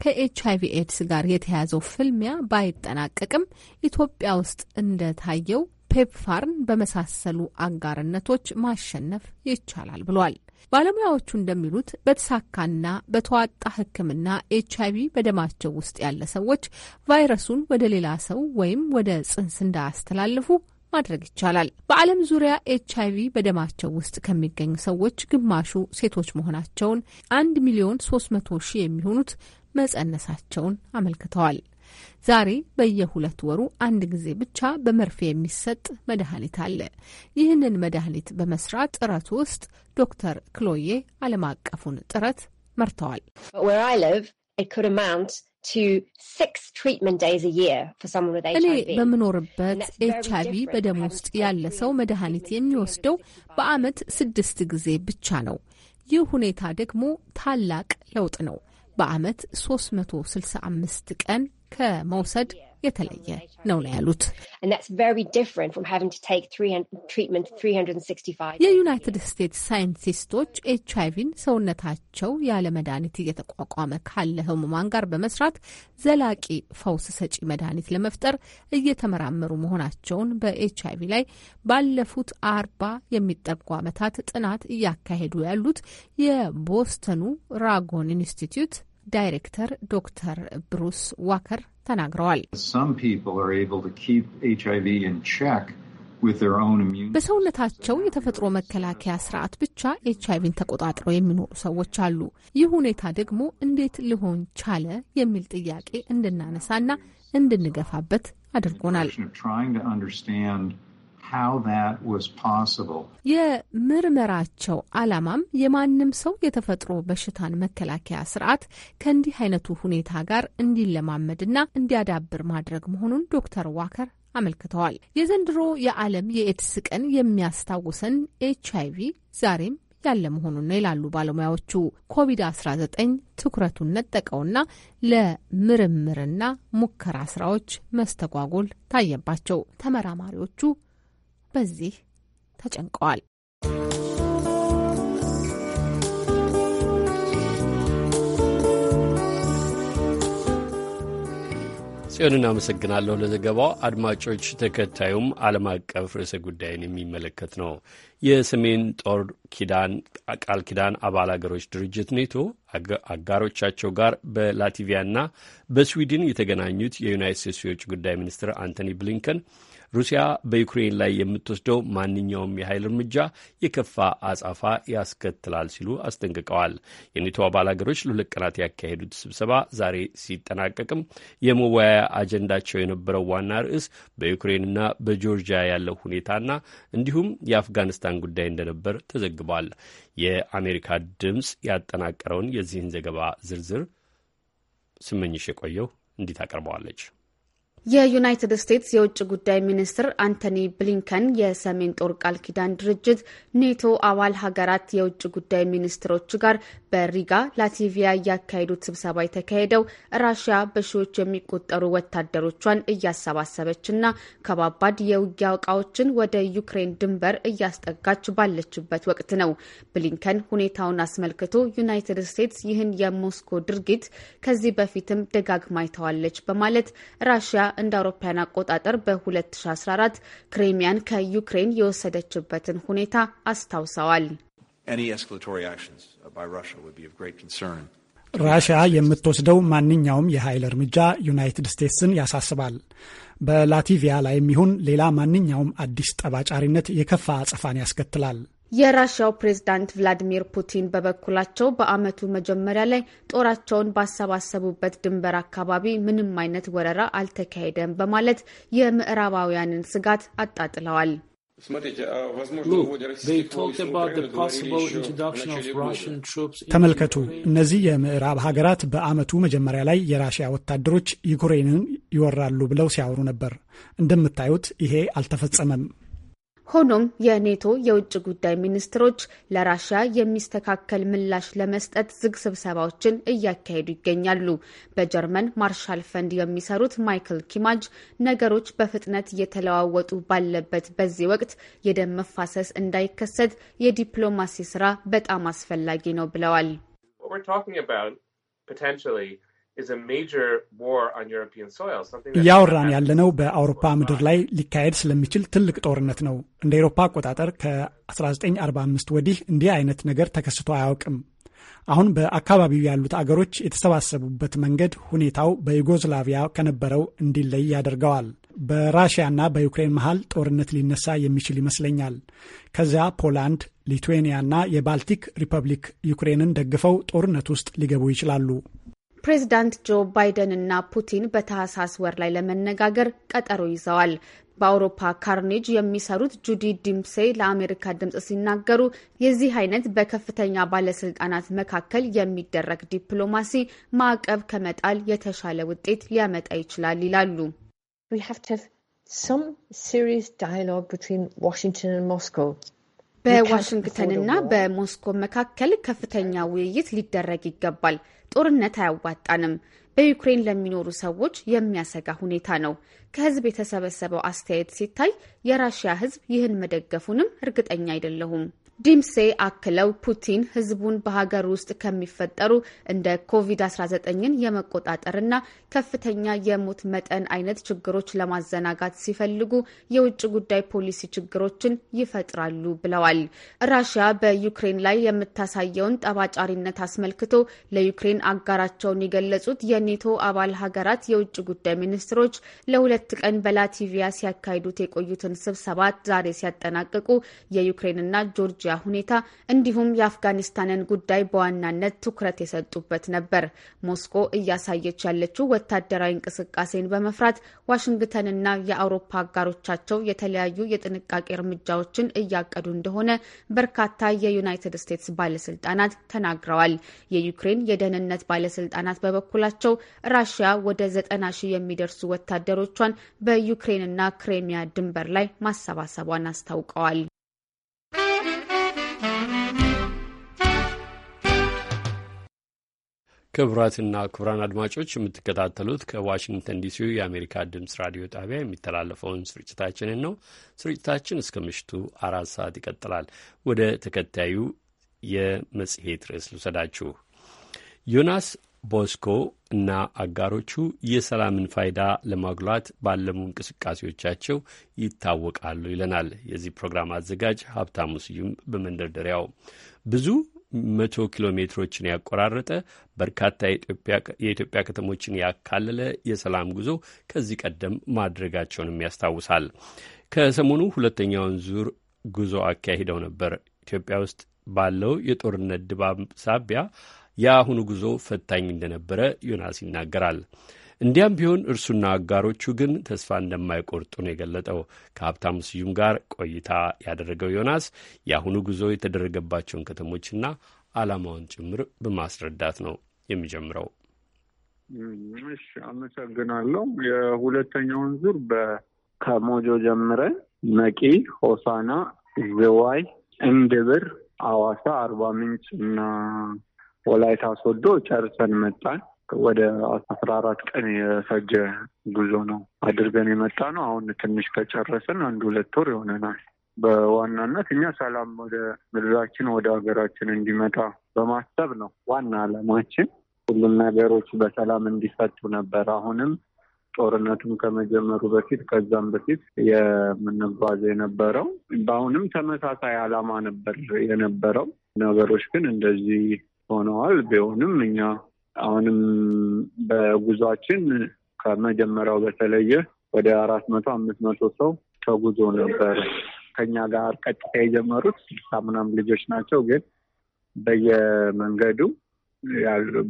O: ከኤች አይቪ ኤድስ ጋር የተያዘው ፍልሚያ ባይጠናቀቅም ኢትዮጵያ ውስጥ እንደታየው ፔፕፋርን በመሳሰሉ አጋርነቶች ማሸነፍ ይቻላል ብሏል። ባለሙያዎቹ እንደሚሉት በተሳካና በተዋጣ ሕክምና ኤች አይቪ በደማቸው ውስጥ ያለ ሰዎች ቫይረሱን ወደ ሌላ ሰው ወይም ወደ ጽንስ እንዳያስተላልፉ ማድረግ ይቻላል። በዓለም ዙሪያ ኤች አይቪ በደማቸው ውስጥ ከሚገኙ ሰዎች ግማሹ ሴቶች መሆናቸውን አንድ ሚሊዮን ሶስት መቶ ሺህ የሚሆኑት መጸነሳቸውን አመልክተዋል። ዛሬ በየሁለት ወሩ አንድ ጊዜ ብቻ በመርፌ የሚሰጥ መድኃኒት አለ። ይህንን መድኃኒት በመስራት ጥረት ውስጥ ዶክተር ክሎዬ ዓለም አቀፉን ጥረት መርተዋል። እኔ በምኖርበት ኤች አይቪ በደም ውስጥ ያለ ሰው መድኃኒት የሚወስደው በዓመት ስድስት ጊዜ ብቻ ነው። ይህ ሁኔታ ደግሞ ታላቅ ለውጥ ነው። በዓመት 365 ቀን ከመውሰድ የተለየ ነው ነው ያሉት። የዩናይትድ ስቴትስ ሳይንቲስቶች ኤች አይቪን ሰውነታቸው ያለ መድኃኒት እየተቋቋመ ካለ ህሙማን ጋር በመስራት ዘላቂ ፈውስ ሰጪ መድኃኒት ለመፍጠር እየተመራመሩ መሆናቸውን በኤች አይቪ ላይ ባለፉት አርባ የሚጠጉ ዓመታት ጥናት እያካሄዱ ያሉት የቦስተኑ ራጎን ኢንስቲትዩት ዳይሬክተር ዶክተር ብሩስ ዋከር ተናግረዋል። በሰውነታቸው የተፈጥሮ መከላከያ ስርዓት ብቻ ኤች አይቪን ተቆጣጥረው የሚኖሩ ሰዎች አሉ። ይህ ሁኔታ ደግሞ እንዴት ሊሆን ቻለ የሚል ጥያቄ እንድናነሳና እንድንገፋበት አድርጎናል። የምርመራቸው ዓላማም የማንም ሰው የተፈጥሮ በሽታን መከላከያ ስርዓት ከእንዲህ አይነቱ ሁኔታ ጋር እንዲለማመድና እንዲያዳብር ማድረግ መሆኑን ዶክተር ዋከር አመልክተዋል። የዘንድሮ የዓለም የኤድስ ቀን የሚያስታውሰን ኤች አይቪ ዛሬም ያለ መሆኑን ነው ይላሉ ባለሙያዎቹ። ኮቪድ-19 ትኩረቱን ነጠቀውና ለምርምርና ሙከራ ስራዎች መስተጓጎል ታየባቸው። ተመራማሪዎቹ በዚህ ተጨንቀዋል።
A: ጽዮንን አመሰግናለሁ ለዘገባው። አድማጮች፣ ተከታዩም ዓለም አቀፍ ርዕሰ ጉዳይን የሚመለከት ነው። የሰሜን ጦር ኪዳን ቃል ኪዳን አባል አገሮች ድርጅት ኔቶ አጋሮቻቸው ጋር በላቲቪያና በስዊድን የተገናኙት የዩናይት ስቴትስ የውጭ ጉዳይ ሚኒስትር አንቶኒ ብሊንከን ሩሲያ በዩክሬን ላይ የምትወስደው ማንኛውም የኃይል እርምጃ የከፋ አጻፋ ያስከትላል ሲሉ አስጠንቅቀዋል። የኔቶ አባል ሀገሮች ለሁለት ቀናት ያካሄዱት ስብሰባ ዛሬ ሲጠናቀቅም የመወያያ አጀንዳቸው የነበረው ዋና ርዕስ በዩክሬንና በጆርጂያ ያለው ሁኔታና እንዲሁም የአፍጋኒስታን ጉዳይ እንደነበር ተዘግቧል። የአሜሪካ ድምፅ ያጠናቀረውን የዚህን ዘገባ ዝርዝር ስመኝሽ የቆየው እንዲት አቀርበዋለች።
L: የዩናይትድ ስቴትስ የውጭ ጉዳይ ሚኒስትር አንቶኒ ብሊንከን የሰሜን ጦር ቃል ኪዳን ድርጅት ኔቶ አባል ሀገራት የውጭ ጉዳይ ሚኒስትሮች ጋር በሪጋ ላትቪያ እያካሄዱት ስብሰባ የተካሄደው ራሽያ በሺዎች የሚቆጠሩ ወታደሮቿን እያሰባሰበችና ከባባድ የውጊያ እቃዎችን ወደ ዩክሬን ድንበር እያስጠጋች ባለችበት ወቅት ነው። ብሊንከን ሁኔታውን አስመልክቶ ዩናይትድ ስቴትስ ይህን የሞስኮ ድርጊት ከዚህ በፊትም ደጋግማ አይተዋለች በማለት ራሽያ እንደ አውሮፓውያን አቆጣጠር በ2014 ክሬሚያን ከዩክሬን የወሰደችበትን ሁኔታ አስታውሰዋል።
H: Uh,
D: ራሽያ የምትወስደው ማንኛውም የኃይል እርምጃ ዩናይትድ ስቴትስን ያሳስባል። በላቲቪያ ላይ የሚሆን ሌላ ማንኛውም አዲስ ጠባጫሪነት የከፋ አጸፋን ያስከትላል።
L: የራሽያው ፕሬዝዳንት ቭላዲሚር ፑቲን በበኩላቸው በዓመቱ መጀመሪያ ላይ ጦራቸውን ባሰባሰቡበት ድንበር አካባቢ ምንም አይነት ወረራ አልተካሄደም በማለት የምዕራባውያንን ስጋት አጣጥለዋል።
C: ተመልከቱ፣ እነዚህ
D: የምዕራብ ሀገራት በዓመቱ መጀመሪያ ላይ የራሽያ ወታደሮች ዩክሬንን ይወራሉ ብለው ሲያወሩ ነበር። እንደምታዩት ይሄ አልተፈጸመም።
L: ሆኖም የኔቶ የውጭ ጉዳይ ሚኒስትሮች ለራሽያ የሚስተካከል ምላሽ ለመስጠት ዝግ ስብሰባዎችን እያካሄዱ ይገኛሉ። በጀርመን ማርሻል ፈንድ የሚሰሩት ማይክል ኪማጅ ነገሮች በፍጥነት እየተለዋወጡ ባለበት በዚህ ወቅት የደም መፋሰስ እንዳይከሰት የዲፕሎማሲ ስራ በጣም አስፈላጊ ነው ብለዋል።
B: እያወራን
D: ያለነው በአውሮፓ ምድር ላይ ሊካሄድ ስለሚችል ትልቅ ጦርነት ነው። እንደ ኤሮፓ አቆጣጠር ከ1945 ወዲህ እንዲህ አይነት ነገር ተከስቶ አያውቅም። አሁን በአካባቢው ያሉት አገሮች የተሰባሰቡበት መንገድ ሁኔታው በዩጎዝላቪያ ከነበረው እንዲለይ ያደርገዋል። በራሽያና በዩክሬን መሃል ጦርነት ሊነሳ የሚችል ይመስለኛል። ከዚያ ፖላንድ፣ ሊትዌኒያና የባልቲክ ሪፐብሊክ ዩክሬንን ደግፈው ጦርነት ውስጥ ሊገቡ ይችላሉ።
L: ፕሬዚዳንት ጆ ባይደን እና ፑቲን በታህሳስ ወር ላይ ለመነጋገር ቀጠሮ ይዘዋል። በአውሮፓ ካርኔጅ የሚሰሩት ጁዲ ዲምሴ ለአሜሪካ ድምጽ ሲናገሩ የዚህ አይነት በከፍተኛ ባለስልጣናት መካከል የሚደረግ ዲፕሎማሲ ማዕቀብ ከመጣል የተሻለ ውጤት ሊያመጣ ይችላል ይላሉ።
O: በዋሽንግተንና
L: በሞስኮ መካከል ከፍተኛ ውይይት ሊደረግ ይገባል። ጦርነት አያዋጣንም። በዩክሬን ለሚኖሩ ሰዎች የሚያሰጋ ሁኔታ ነው። ከህዝብ የተሰበሰበው አስተያየት ሲታይ የራሽያ ህዝብ ይህን መደገፉንም እርግጠኛ አይደለሁም ዲምሴ አክለው ፑቲን ህዝቡን በሀገር ውስጥ ከሚፈጠሩ እንደ ኮቪድ-19ን የመቆጣጠርና ከፍተኛ የሞት መጠን አይነት ችግሮች ለማዘናጋት ሲፈልጉ የውጭ ጉዳይ ፖሊሲ ችግሮችን ይፈጥራሉ ብለዋል። ራሽያ በዩክሬን ላይ የምታሳየውን ጠባጫሪነት አስመልክቶ ለዩክሬን አጋራቸውን የገለጹት የኔቶ አባል ሀገራት የውጭ ጉዳይ ሚኒስትሮች ለሁለት ቀን በላቲቪያ ሲያካሂዱት የቆዩትን ስብሰባ ዛሬ ሲያጠናቅቁ የዩክሬንና ጆርጂ የጆርጂያ ሁኔታ እንዲሁም የአፍጋኒስታንን ጉዳይ በዋናነት ትኩረት የሰጡበት ነበር። ሞስኮ እያሳየች ያለችው ወታደራዊ እንቅስቃሴን በመፍራት ዋሽንግተንና የአውሮፓ አጋሮቻቸው የተለያዩ የጥንቃቄ እርምጃዎችን እያቀዱ እንደሆነ በርካታ የዩናይትድ ስቴትስ ባለስልጣናት ተናግረዋል። የዩክሬን የደህንነት ባለስልጣናት በበኩላቸው ራሽያ ወደ ዘጠና ሺህ የሚደርሱ ወታደሮቿን በዩክሬንና ክሬሚያ ድንበር ላይ ማሰባሰቧን አስታውቀዋል።
A: ክቡራትና ክቡራን አድማጮች የምትከታተሉት ከዋሽንግተን ዲሲ የአሜሪካ ድምፅ ራዲዮ ጣቢያ የሚተላለፈውን ስርጭታችንን ነው። ስርጭታችን እስከ ምሽቱ አራት ሰዓት ይቀጥላል። ወደ ተከታዩ የመጽሔት ርዕስ ልውሰዳችሁ። ዮናስ ቦስኮ እና አጋሮቹ የሰላምን ፋይዳ ለማጉላት ባለሙ እንቅስቃሴዎቻቸው ይታወቃሉ ይለናል የዚህ ፕሮግራም አዘጋጅ ሀብታሙ ስዩም በመንደርደሪያው ብዙ መቶ ኪሎ ሜትሮችን ያቆራረጠ በርካታ የኢትዮጵያ ከተሞችን ያካለለ የሰላም ጉዞ ከዚህ ቀደም ማድረጋቸውንም ያስታውሳል። ከሰሞኑ ሁለተኛውን ዙር ጉዞ አካሂደው ነበር። ኢትዮጵያ ውስጥ ባለው የጦርነት ድባብ ሳቢያ የአሁኑ ጉዞ ፈታኝ እንደነበረ ዮናስ ይናገራል። እንዲያም ቢሆን እርሱና አጋሮቹ ግን ተስፋ እንደማይቆርጡ ነው የገለጠው። ከሀብታሙ ስዩም ጋር ቆይታ ያደረገው ዮናስ የአሁኑ ጉዞ የተደረገባቸውን ከተሞችና ዓላማውን ጭምር በማስረዳት ነው የሚጀምረው።
P: እሺ፣ አመሰግናለሁ። የሁለተኛውን ዙር
A: ከሞጆ ጀምረን መቂ፣ ሆሳና፣
P: ዝዋይ፣ እንድብር፣ አዋሳ፣ አርባ ምንጭ እና ወላይታ ሶዶ ጨርሰን መጣን። ወደ አስራ አራት ቀን የፈጀ ጉዞ ነው አድርገን የመጣ ነው። አሁን ትንሽ ከጨረስን አንድ ሁለት ወር ይሆነናል። በዋናነት እኛ ሰላም ወደ ምድራችን ወደ ሀገራችን እንዲመጣ በማሰብ ነው ዋና ዓላማችን። ሁሉም ነገሮች በሰላም እንዲፈቱ ነበር። አሁንም ጦርነቱም ከመጀመሩ በፊት ከዛም በፊት የምንጓዘ የነበረው በአሁንም ተመሳሳይ ዓላማ ነበር የነበረው። ነገሮች ግን እንደዚህ ሆነዋል። ቢሆንም እኛ አሁንም በጉዟችን ከመጀመሪያው በተለየ ወደ አራት መቶ አምስት መቶ ሰው ተጉዞ ነበር። ከኛ ጋር ቀጥታ የጀመሩት ሳሙናም ልጆች ናቸው፣ ግን በየመንገዱ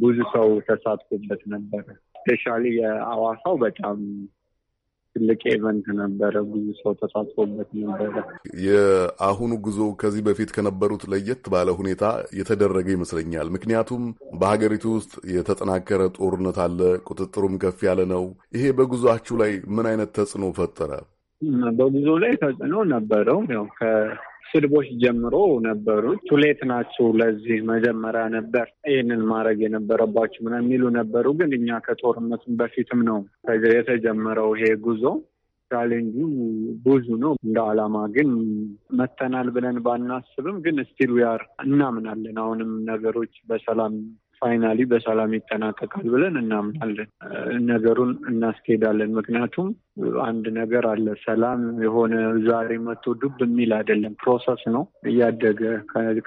P: ብዙ ሰው ተሳትፎበት ነበር። ስፔሻሊ የአዋሳው በጣም ትልቅ ኤቨንት ነበረ። ብዙ ሰው ተሳትፎበት ነበረ።
E: የአሁኑ ጉዞ ከዚህ በፊት ከነበሩት ለየት ባለ ሁኔታ የተደረገ ይመስለኛል። ምክንያቱም በሀገሪቱ ውስጥ የተጠናከረ ጦርነት አለ፣ ቁጥጥሩም ከፍ ያለ ነው። ይሄ በጉዞአችሁ ላይ ምን አይነት ተጽዕኖ ፈጠረ?
P: በጉዞ ላይ ተጽዕኖ ነበረው ያው ስድቦች ጀምሮ ነበሩ። ቱሌት ናችሁ ለዚህ መጀመሪያ ነበር ይህንን ማድረግ የነበረባችሁ ምን የሚሉ ነበሩ። ግን እኛ ከጦርነቱ በፊትም ነው የተጀመረው ይሄ ጉዞ። ቻሌንጁ ብዙ ነው። እንደ አላማ ግን መተናል ብለን ባናስብም ግን ስቲል ዊያር እናምናለን። አሁንም ነገሮች በሰላም ፋይናሊ በሰላም ይጠናቀቃል ብለን እናምናለን። ነገሩን እናስኬዳለን። ምክንያቱም አንድ ነገር አለ። ሰላም የሆነ ዛሬ መቶ ዱብ የሚል አይደለም። ፕሮሰስ ነው። እያደገ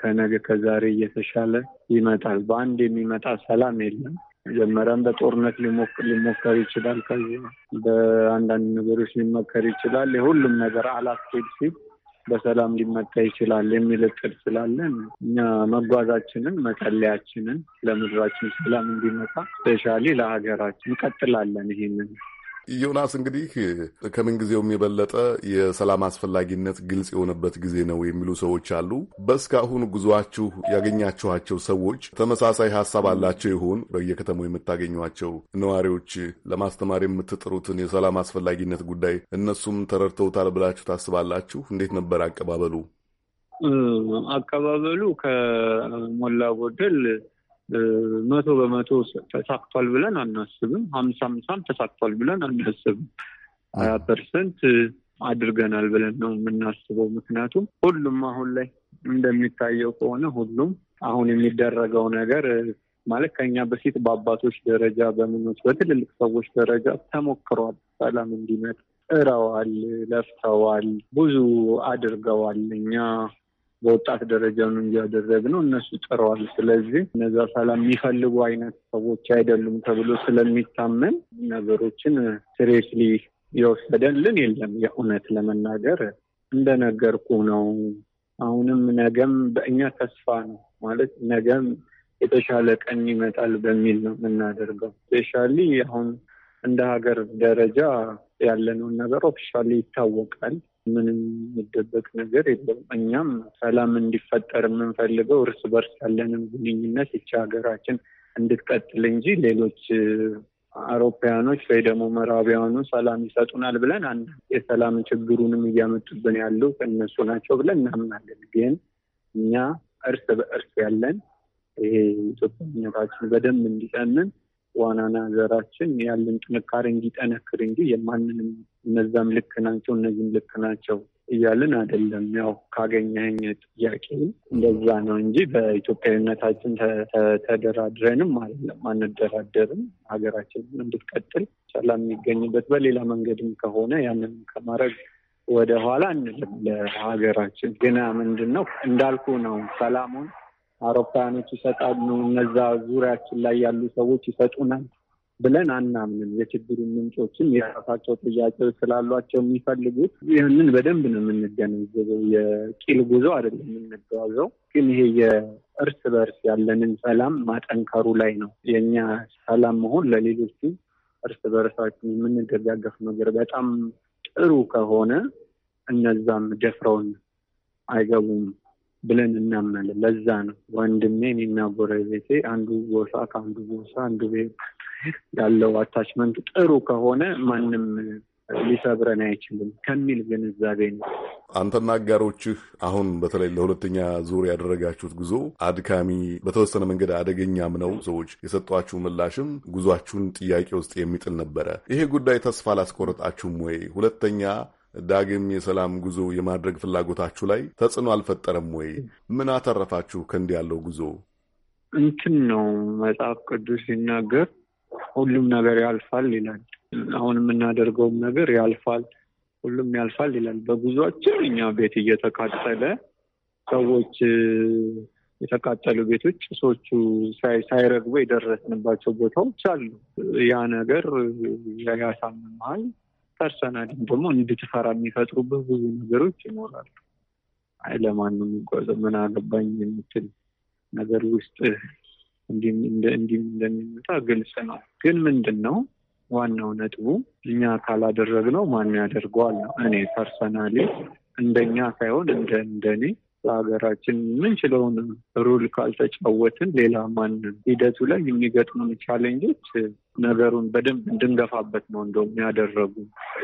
P: ከነገ ከዛሬ እየተሻለ ይመጣል። በአንድ የሚመጣ ሰላም የለም። መጀመሪያም በጦርነት ሊሞከር ይችላል። ከዚህ በአንዳንድ ነገሮች ሊሞከር ይችላል። የሁሉም ነገር አላስኬድ ሲል በሰላም ሊመጣ ይችላል የሚል እቅድ ስላለን እኛ መጓዛችንን መጸለያችንን ለምድራችን ሰላም እንዲመጣ ስፔሻሊ ለሀገራችን እንቀጥላለን ይህንን
E: ዮናስ እንግዲህ ከምን ጊዜውም የበለጠ የሰላም አስፈላጊነት ግልጽ የሆነበት ጊዜ ነው የሚሉ ሰዎች አሉ። በእስካሁን ጉዟችሁ ያገኛችኋቸው ሰዎች ተመሳሳይ ሀሳብ አላቸው ይሆን? በየከተማው የምታገኟቸው ነዋሪዎች ለማስተማር የምትጥሩትን የሰላም አስፈላጊነት ጉዳይ እነሱም ተረድተውታል ብላችሁ ታስባላችሁ? እንዴት ነበር አቀባበሉ?
P: አቀባበሉ ከሞላ ጎደል መቶ በመቶ ተሳክቷል ብለን አናስብም። ሀምሳ ሀምሳም ተሳክቷል ብለን አናስብም። ሀያ ፐርሰንት አድርገናል ብለን ነው የምናስበው። ምክንያቱም ሁሉም አሁን ላይ እንደሚታየው ከሆነ ሁሉም አሁን የሚደረገው ነገር ማለት ከኛ በፊት በአባቶች ደረጃ በምኖች በትልልቅ ሰዎች ደረጃ ተሞክሯል። ሰላም እንዲመጣ ጥረዋል፣ ለፍተዋል፣ ብዙ አድርገዋል። እኛ በወጣት ደረጃ ነው እነሱ ጥረዋል። ስለዚህ እነዛ ሰላም የሚፈልጉ አይነት ሰዎች አይደሉም ተብሎ ስለሚታመን ነገሮችን ሲሪየስሊ የወሰደልን የለም። የእውነት ለመናገር እንደነገርኩ ነው። አሁንም ነገም በእኛ ተስፋ ነው ማለት ነገም የተሻለ ቀን ይመጣል በሚል ነው የምናደርገው። ስፔሻሊ አሁን እንደ ሀገር ደረጃ ያለነውን ነገር ኦፊሻሊ ይታወቃል። ምንም የሚደበቅ ነገር የለም። እኛም ሰላም እንዲፈጠር የምንፈልገው እርስ በርስ ያለንም ግንኙነት ይቺ ሀገራችን እንድትቀጥል እንጂ ሌሎች አውሮፓያኖች ወይ ደግሞ ምዕራባውያኑ ሰላም ይሰጡናል ብለን የሰላም ችግሩንም እያመጡብን ያሉ እነሱ ናቸው ብለን እናምናለን። ግን እኛ እርስ በእርስ ያለን ይሄ ኢትዮጵያነታችን በደንብ እንዲጠንን ዋናና ዘራችን ያለን ጥንካሬ እንዲጠነክር እንጂ የማንንም እነዛም ልክ ናቸው እነዚህም ልክ ናቸው እያልን አይደለም። ያው ካገኘኝ ጥያቄ እንደዛ ነው እንጂ በኢትዮጵያዊነታችን ተደራድረንም አይደለም፣ አንደራደርም። ሀገራችን እንድትቀጥል ሰላም የሚገኝበት በሌላ መንገድም ከሆነ ያንን ከማድረግ ወደኋላ አንልም። ለሀገራችን ግና ምንድን ነው እንዳልኩ ነው ሰላሙን አውሮፕላኖች ይሰጣሉ፣ እነዛ ዙሪያችን ላይ ያሉ ሰዎች ይሰጡናል ብለን አናምንም። የችግሩ ምንጮችም የራሳቸው ጥያቄዎች ስላሏቸው የሚፈልጉት ይህንን በደንብ ነው የምንገነዘበው። የቂል ጉዞ አይደለም የምንጓዘው፣ ግን ይሄ የእርስ በእርስ ያለንን ሰላም ማጠንከሩ ላይ ነው የእኛ ሰላም መሆን ለሌሎቹ እርስ በርሳችን የምንደጋገፍ ነገር በጣም ጥሩ ከሆነ እነዛም ደፍረውን አይገቡም ብለን እናምናለን። ለዛ ነው ወንድሜ እኔና ጎረቤቴ አንዱ ጎሳ ከአንዱ ጎሳ አንዱ ቤት ያለው አታችመንት ጥሩ ከሆነ ማንም ሊሰብረን አይችልም ከሚል ግንዛቤ ነው።
E: አንተና አጋሮችህ አሁን በተለይ ለሁለተኛ ዙር ያደረጋችሁት ጉዞ አድካሚ፣ በተወሰነ መንገድ አደገኛም ነው። ሰዎች የሰጧችሁ ምላሽም ጉዟችሁን ጥያቄ ውስጥ የሚጥል ነበረ። ይሄ ጉዳይ ተስፋ አላስቆረጣችሁም ወይ? ሁለተኛ ዳግም የሰላም ጉዞ የማድረግ ፍላጎታችሁ ላይ ተጽዕኖ አልፈጠረም ወይ? ምን አተረፋችሁ ከእንዲህ ያለው ጉዞ?
P: እንትን ነው መጽሐፍ ቅዱስ ሲናገር ሁሉም ነገር ያልፋል ይላል። አሁን የምናደርገውም ነገር ያልፋል፣ ሁሉም ያልፋል ይላል። በጉዟችን እኛ ቤት እየተቃጠለ ሰዎች የተቃጠሉ ቤቶች ጭሶቹ ሳይረግቡ የደረስንባቸው ቦታዎች አሉ። ያ ነገር ያሳምመሃል፣ ፐርሰናሊም ደግሞ እንድትፈራ የሚፈጥሩበት ብዙ ነገሮች ይኖራሉ። አይ ለማን ነው የሚጓዘው ምን አገባኝ የምትል ነገር ውስጥ እንዲህ እንደሚመጣ ግልጽ ነው። ግን ምንድን ነው ዋናው ነጥቡ እኛ ካላደረግነው ማን ያደርገዋል ነው። እኔ ፐርሰናሊ እንደኛ ሳይሆን እንደ እንደኔ ለሀገራችን የምንችለውን ሩል ካልተጫወትን ሌላ ማንም ሂደቱ ላይ የሚገጥሙን ቻሌንጆች ነገሩን በደንብ እንድንገፋበት ነው እንደውም ያደረጉ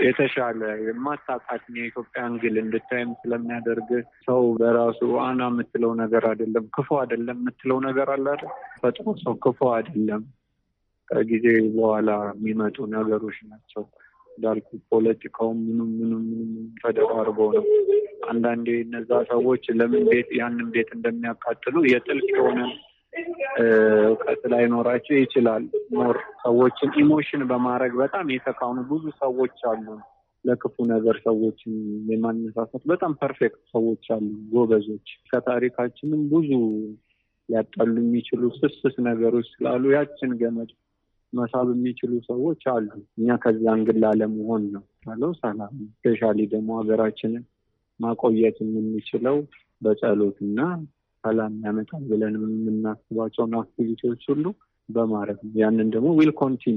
P: የተሻለ የማታውቃትን የኢትዮጵያ እንግል እንድታይም ስለሚያደርግ ሰው በራሱ ዋና የምትለው ነገር አይደለም፣ ክፉ አይደለም የምትለው ነገር አለ ፈጥሮ ሰው ክፉ አይደለም። ከጊዜ በኋላ የሚመጡ ነገሮች ናቸው እንዳልኩ ፖለቲካውም ምኑም ምኑም ምኑም ተደራርበው ነው አንዳንዴ እነዛ ሰዎች ለምን ቤት ያንን ቤት እንደሚያቃጥሉ የጥልቅ የሆነ እውቀት ላይኖራቸው ይችላል። ኖር ሰዎችን ኢሞሽን በማድረግ በጣም የተካኑ ብዙ ሰዎች አሉ። ለክፉ ነገር ሰዎችን የማነሳሳት በጣም ፐርፌክት ሰዎች አሉ፣ ጎበዞች። ከታሪካችንም ብዙ ሊያጣሉ የሚችሉ ስስስ ነገሮች ስላሉ ያችን ገመድ መሳብ የሚችሉ ሰዎች አሉ። እኛ ከዛ እንግላ ለመሆን ነው ያለው። ሰላም ስፔሻሊ ደግሞ ሀገራችንን ማቆየት የምንችለው በጸሎት እና ሰላም ያመጣል ብለን የምናስባቸውን አክቲቪቲዎች ሁሉ በማድረግ ነው። ያንን ደግሞ ዊል ኮንቲኒ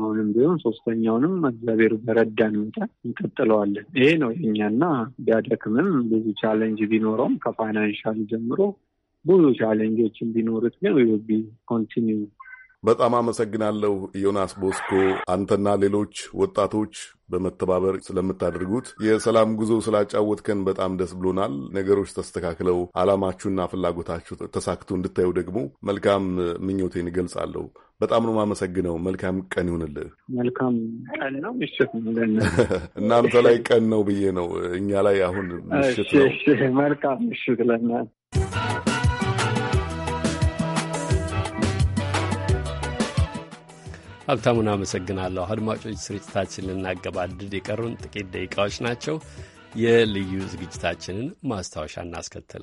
P: አሁንም ቢሆን ሶስተኛውንም እግዚአብሔር በረዳን መጠን እንቀጥለዋለን። ይሄ ነው የኛና ቢያደክምም ብዙ ቻለንጅ ቢኖረውም ከፋይናንሻል ጀምሮ ብዙ ቻለንጆችን ቢኖሩት ግን ዊል ቢ
E: ኮንቲኒ በጣም አመሰግናለሁ ዮናስ ቦስኮ አንተና ሌሎች ወጣቶች በመተባበር ስለምታደርጉት የሰላም ጉዞ ስላጫወትከን በጣም ደስ ብሎናል። ነገሮች ተስተካክለው ዓላማችሁና ፍላጎታችሁ ተሳክቶ እንድታዩ ደግሞ መልካም ምኞቴን እገልጻለሁ። በጣም ነው የማመሰግነው። መልካም ቀን ይሁንልህ። መልካም ቀን ነው፣ ምሽት ነው። እናንተ ላይ ቀን ነው ብዬ ነው፣ እኛ ላይ አሁን ምሽት ነው።
P: መልካም ምሽት ለና
A: ሀብታሙን አመሰግናለሁ። አድማጮች ስርጭታችን ልናገባድድ የቀሩን ጥቂት ደቂቃዎች ናቸው። የልዩ ዝግጅታችንን ማስታወሻ እናስከትል።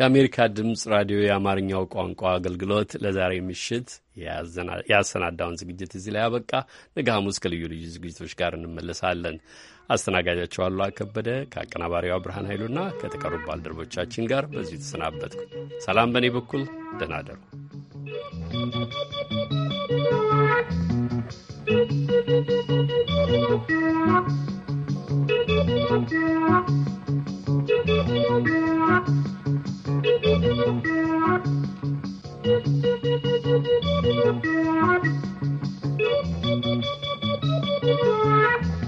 A: የአሜሪካ ድምፅ ራዲዮ የአማርኛው ቋንቋ አገልግሎት ለዛሬ ምሽት ያሰናዳውን ዝግጅት እዚህ ላይ አበቃ ነገ ሐሙስ ከልዩ ልዩ ዝግጅቶች ጋር እንመለሳለን። አስተናጋጃቸው አሉ ከበደ ከአቀናባሪዋ ብርሃን ኃይሉና ከተቀሩ ባልደረቦቻችን ጋር በዚሁ ተሰናበትኩ። ሰላም በእኔ በኩል ደህና
C: you. Thank you.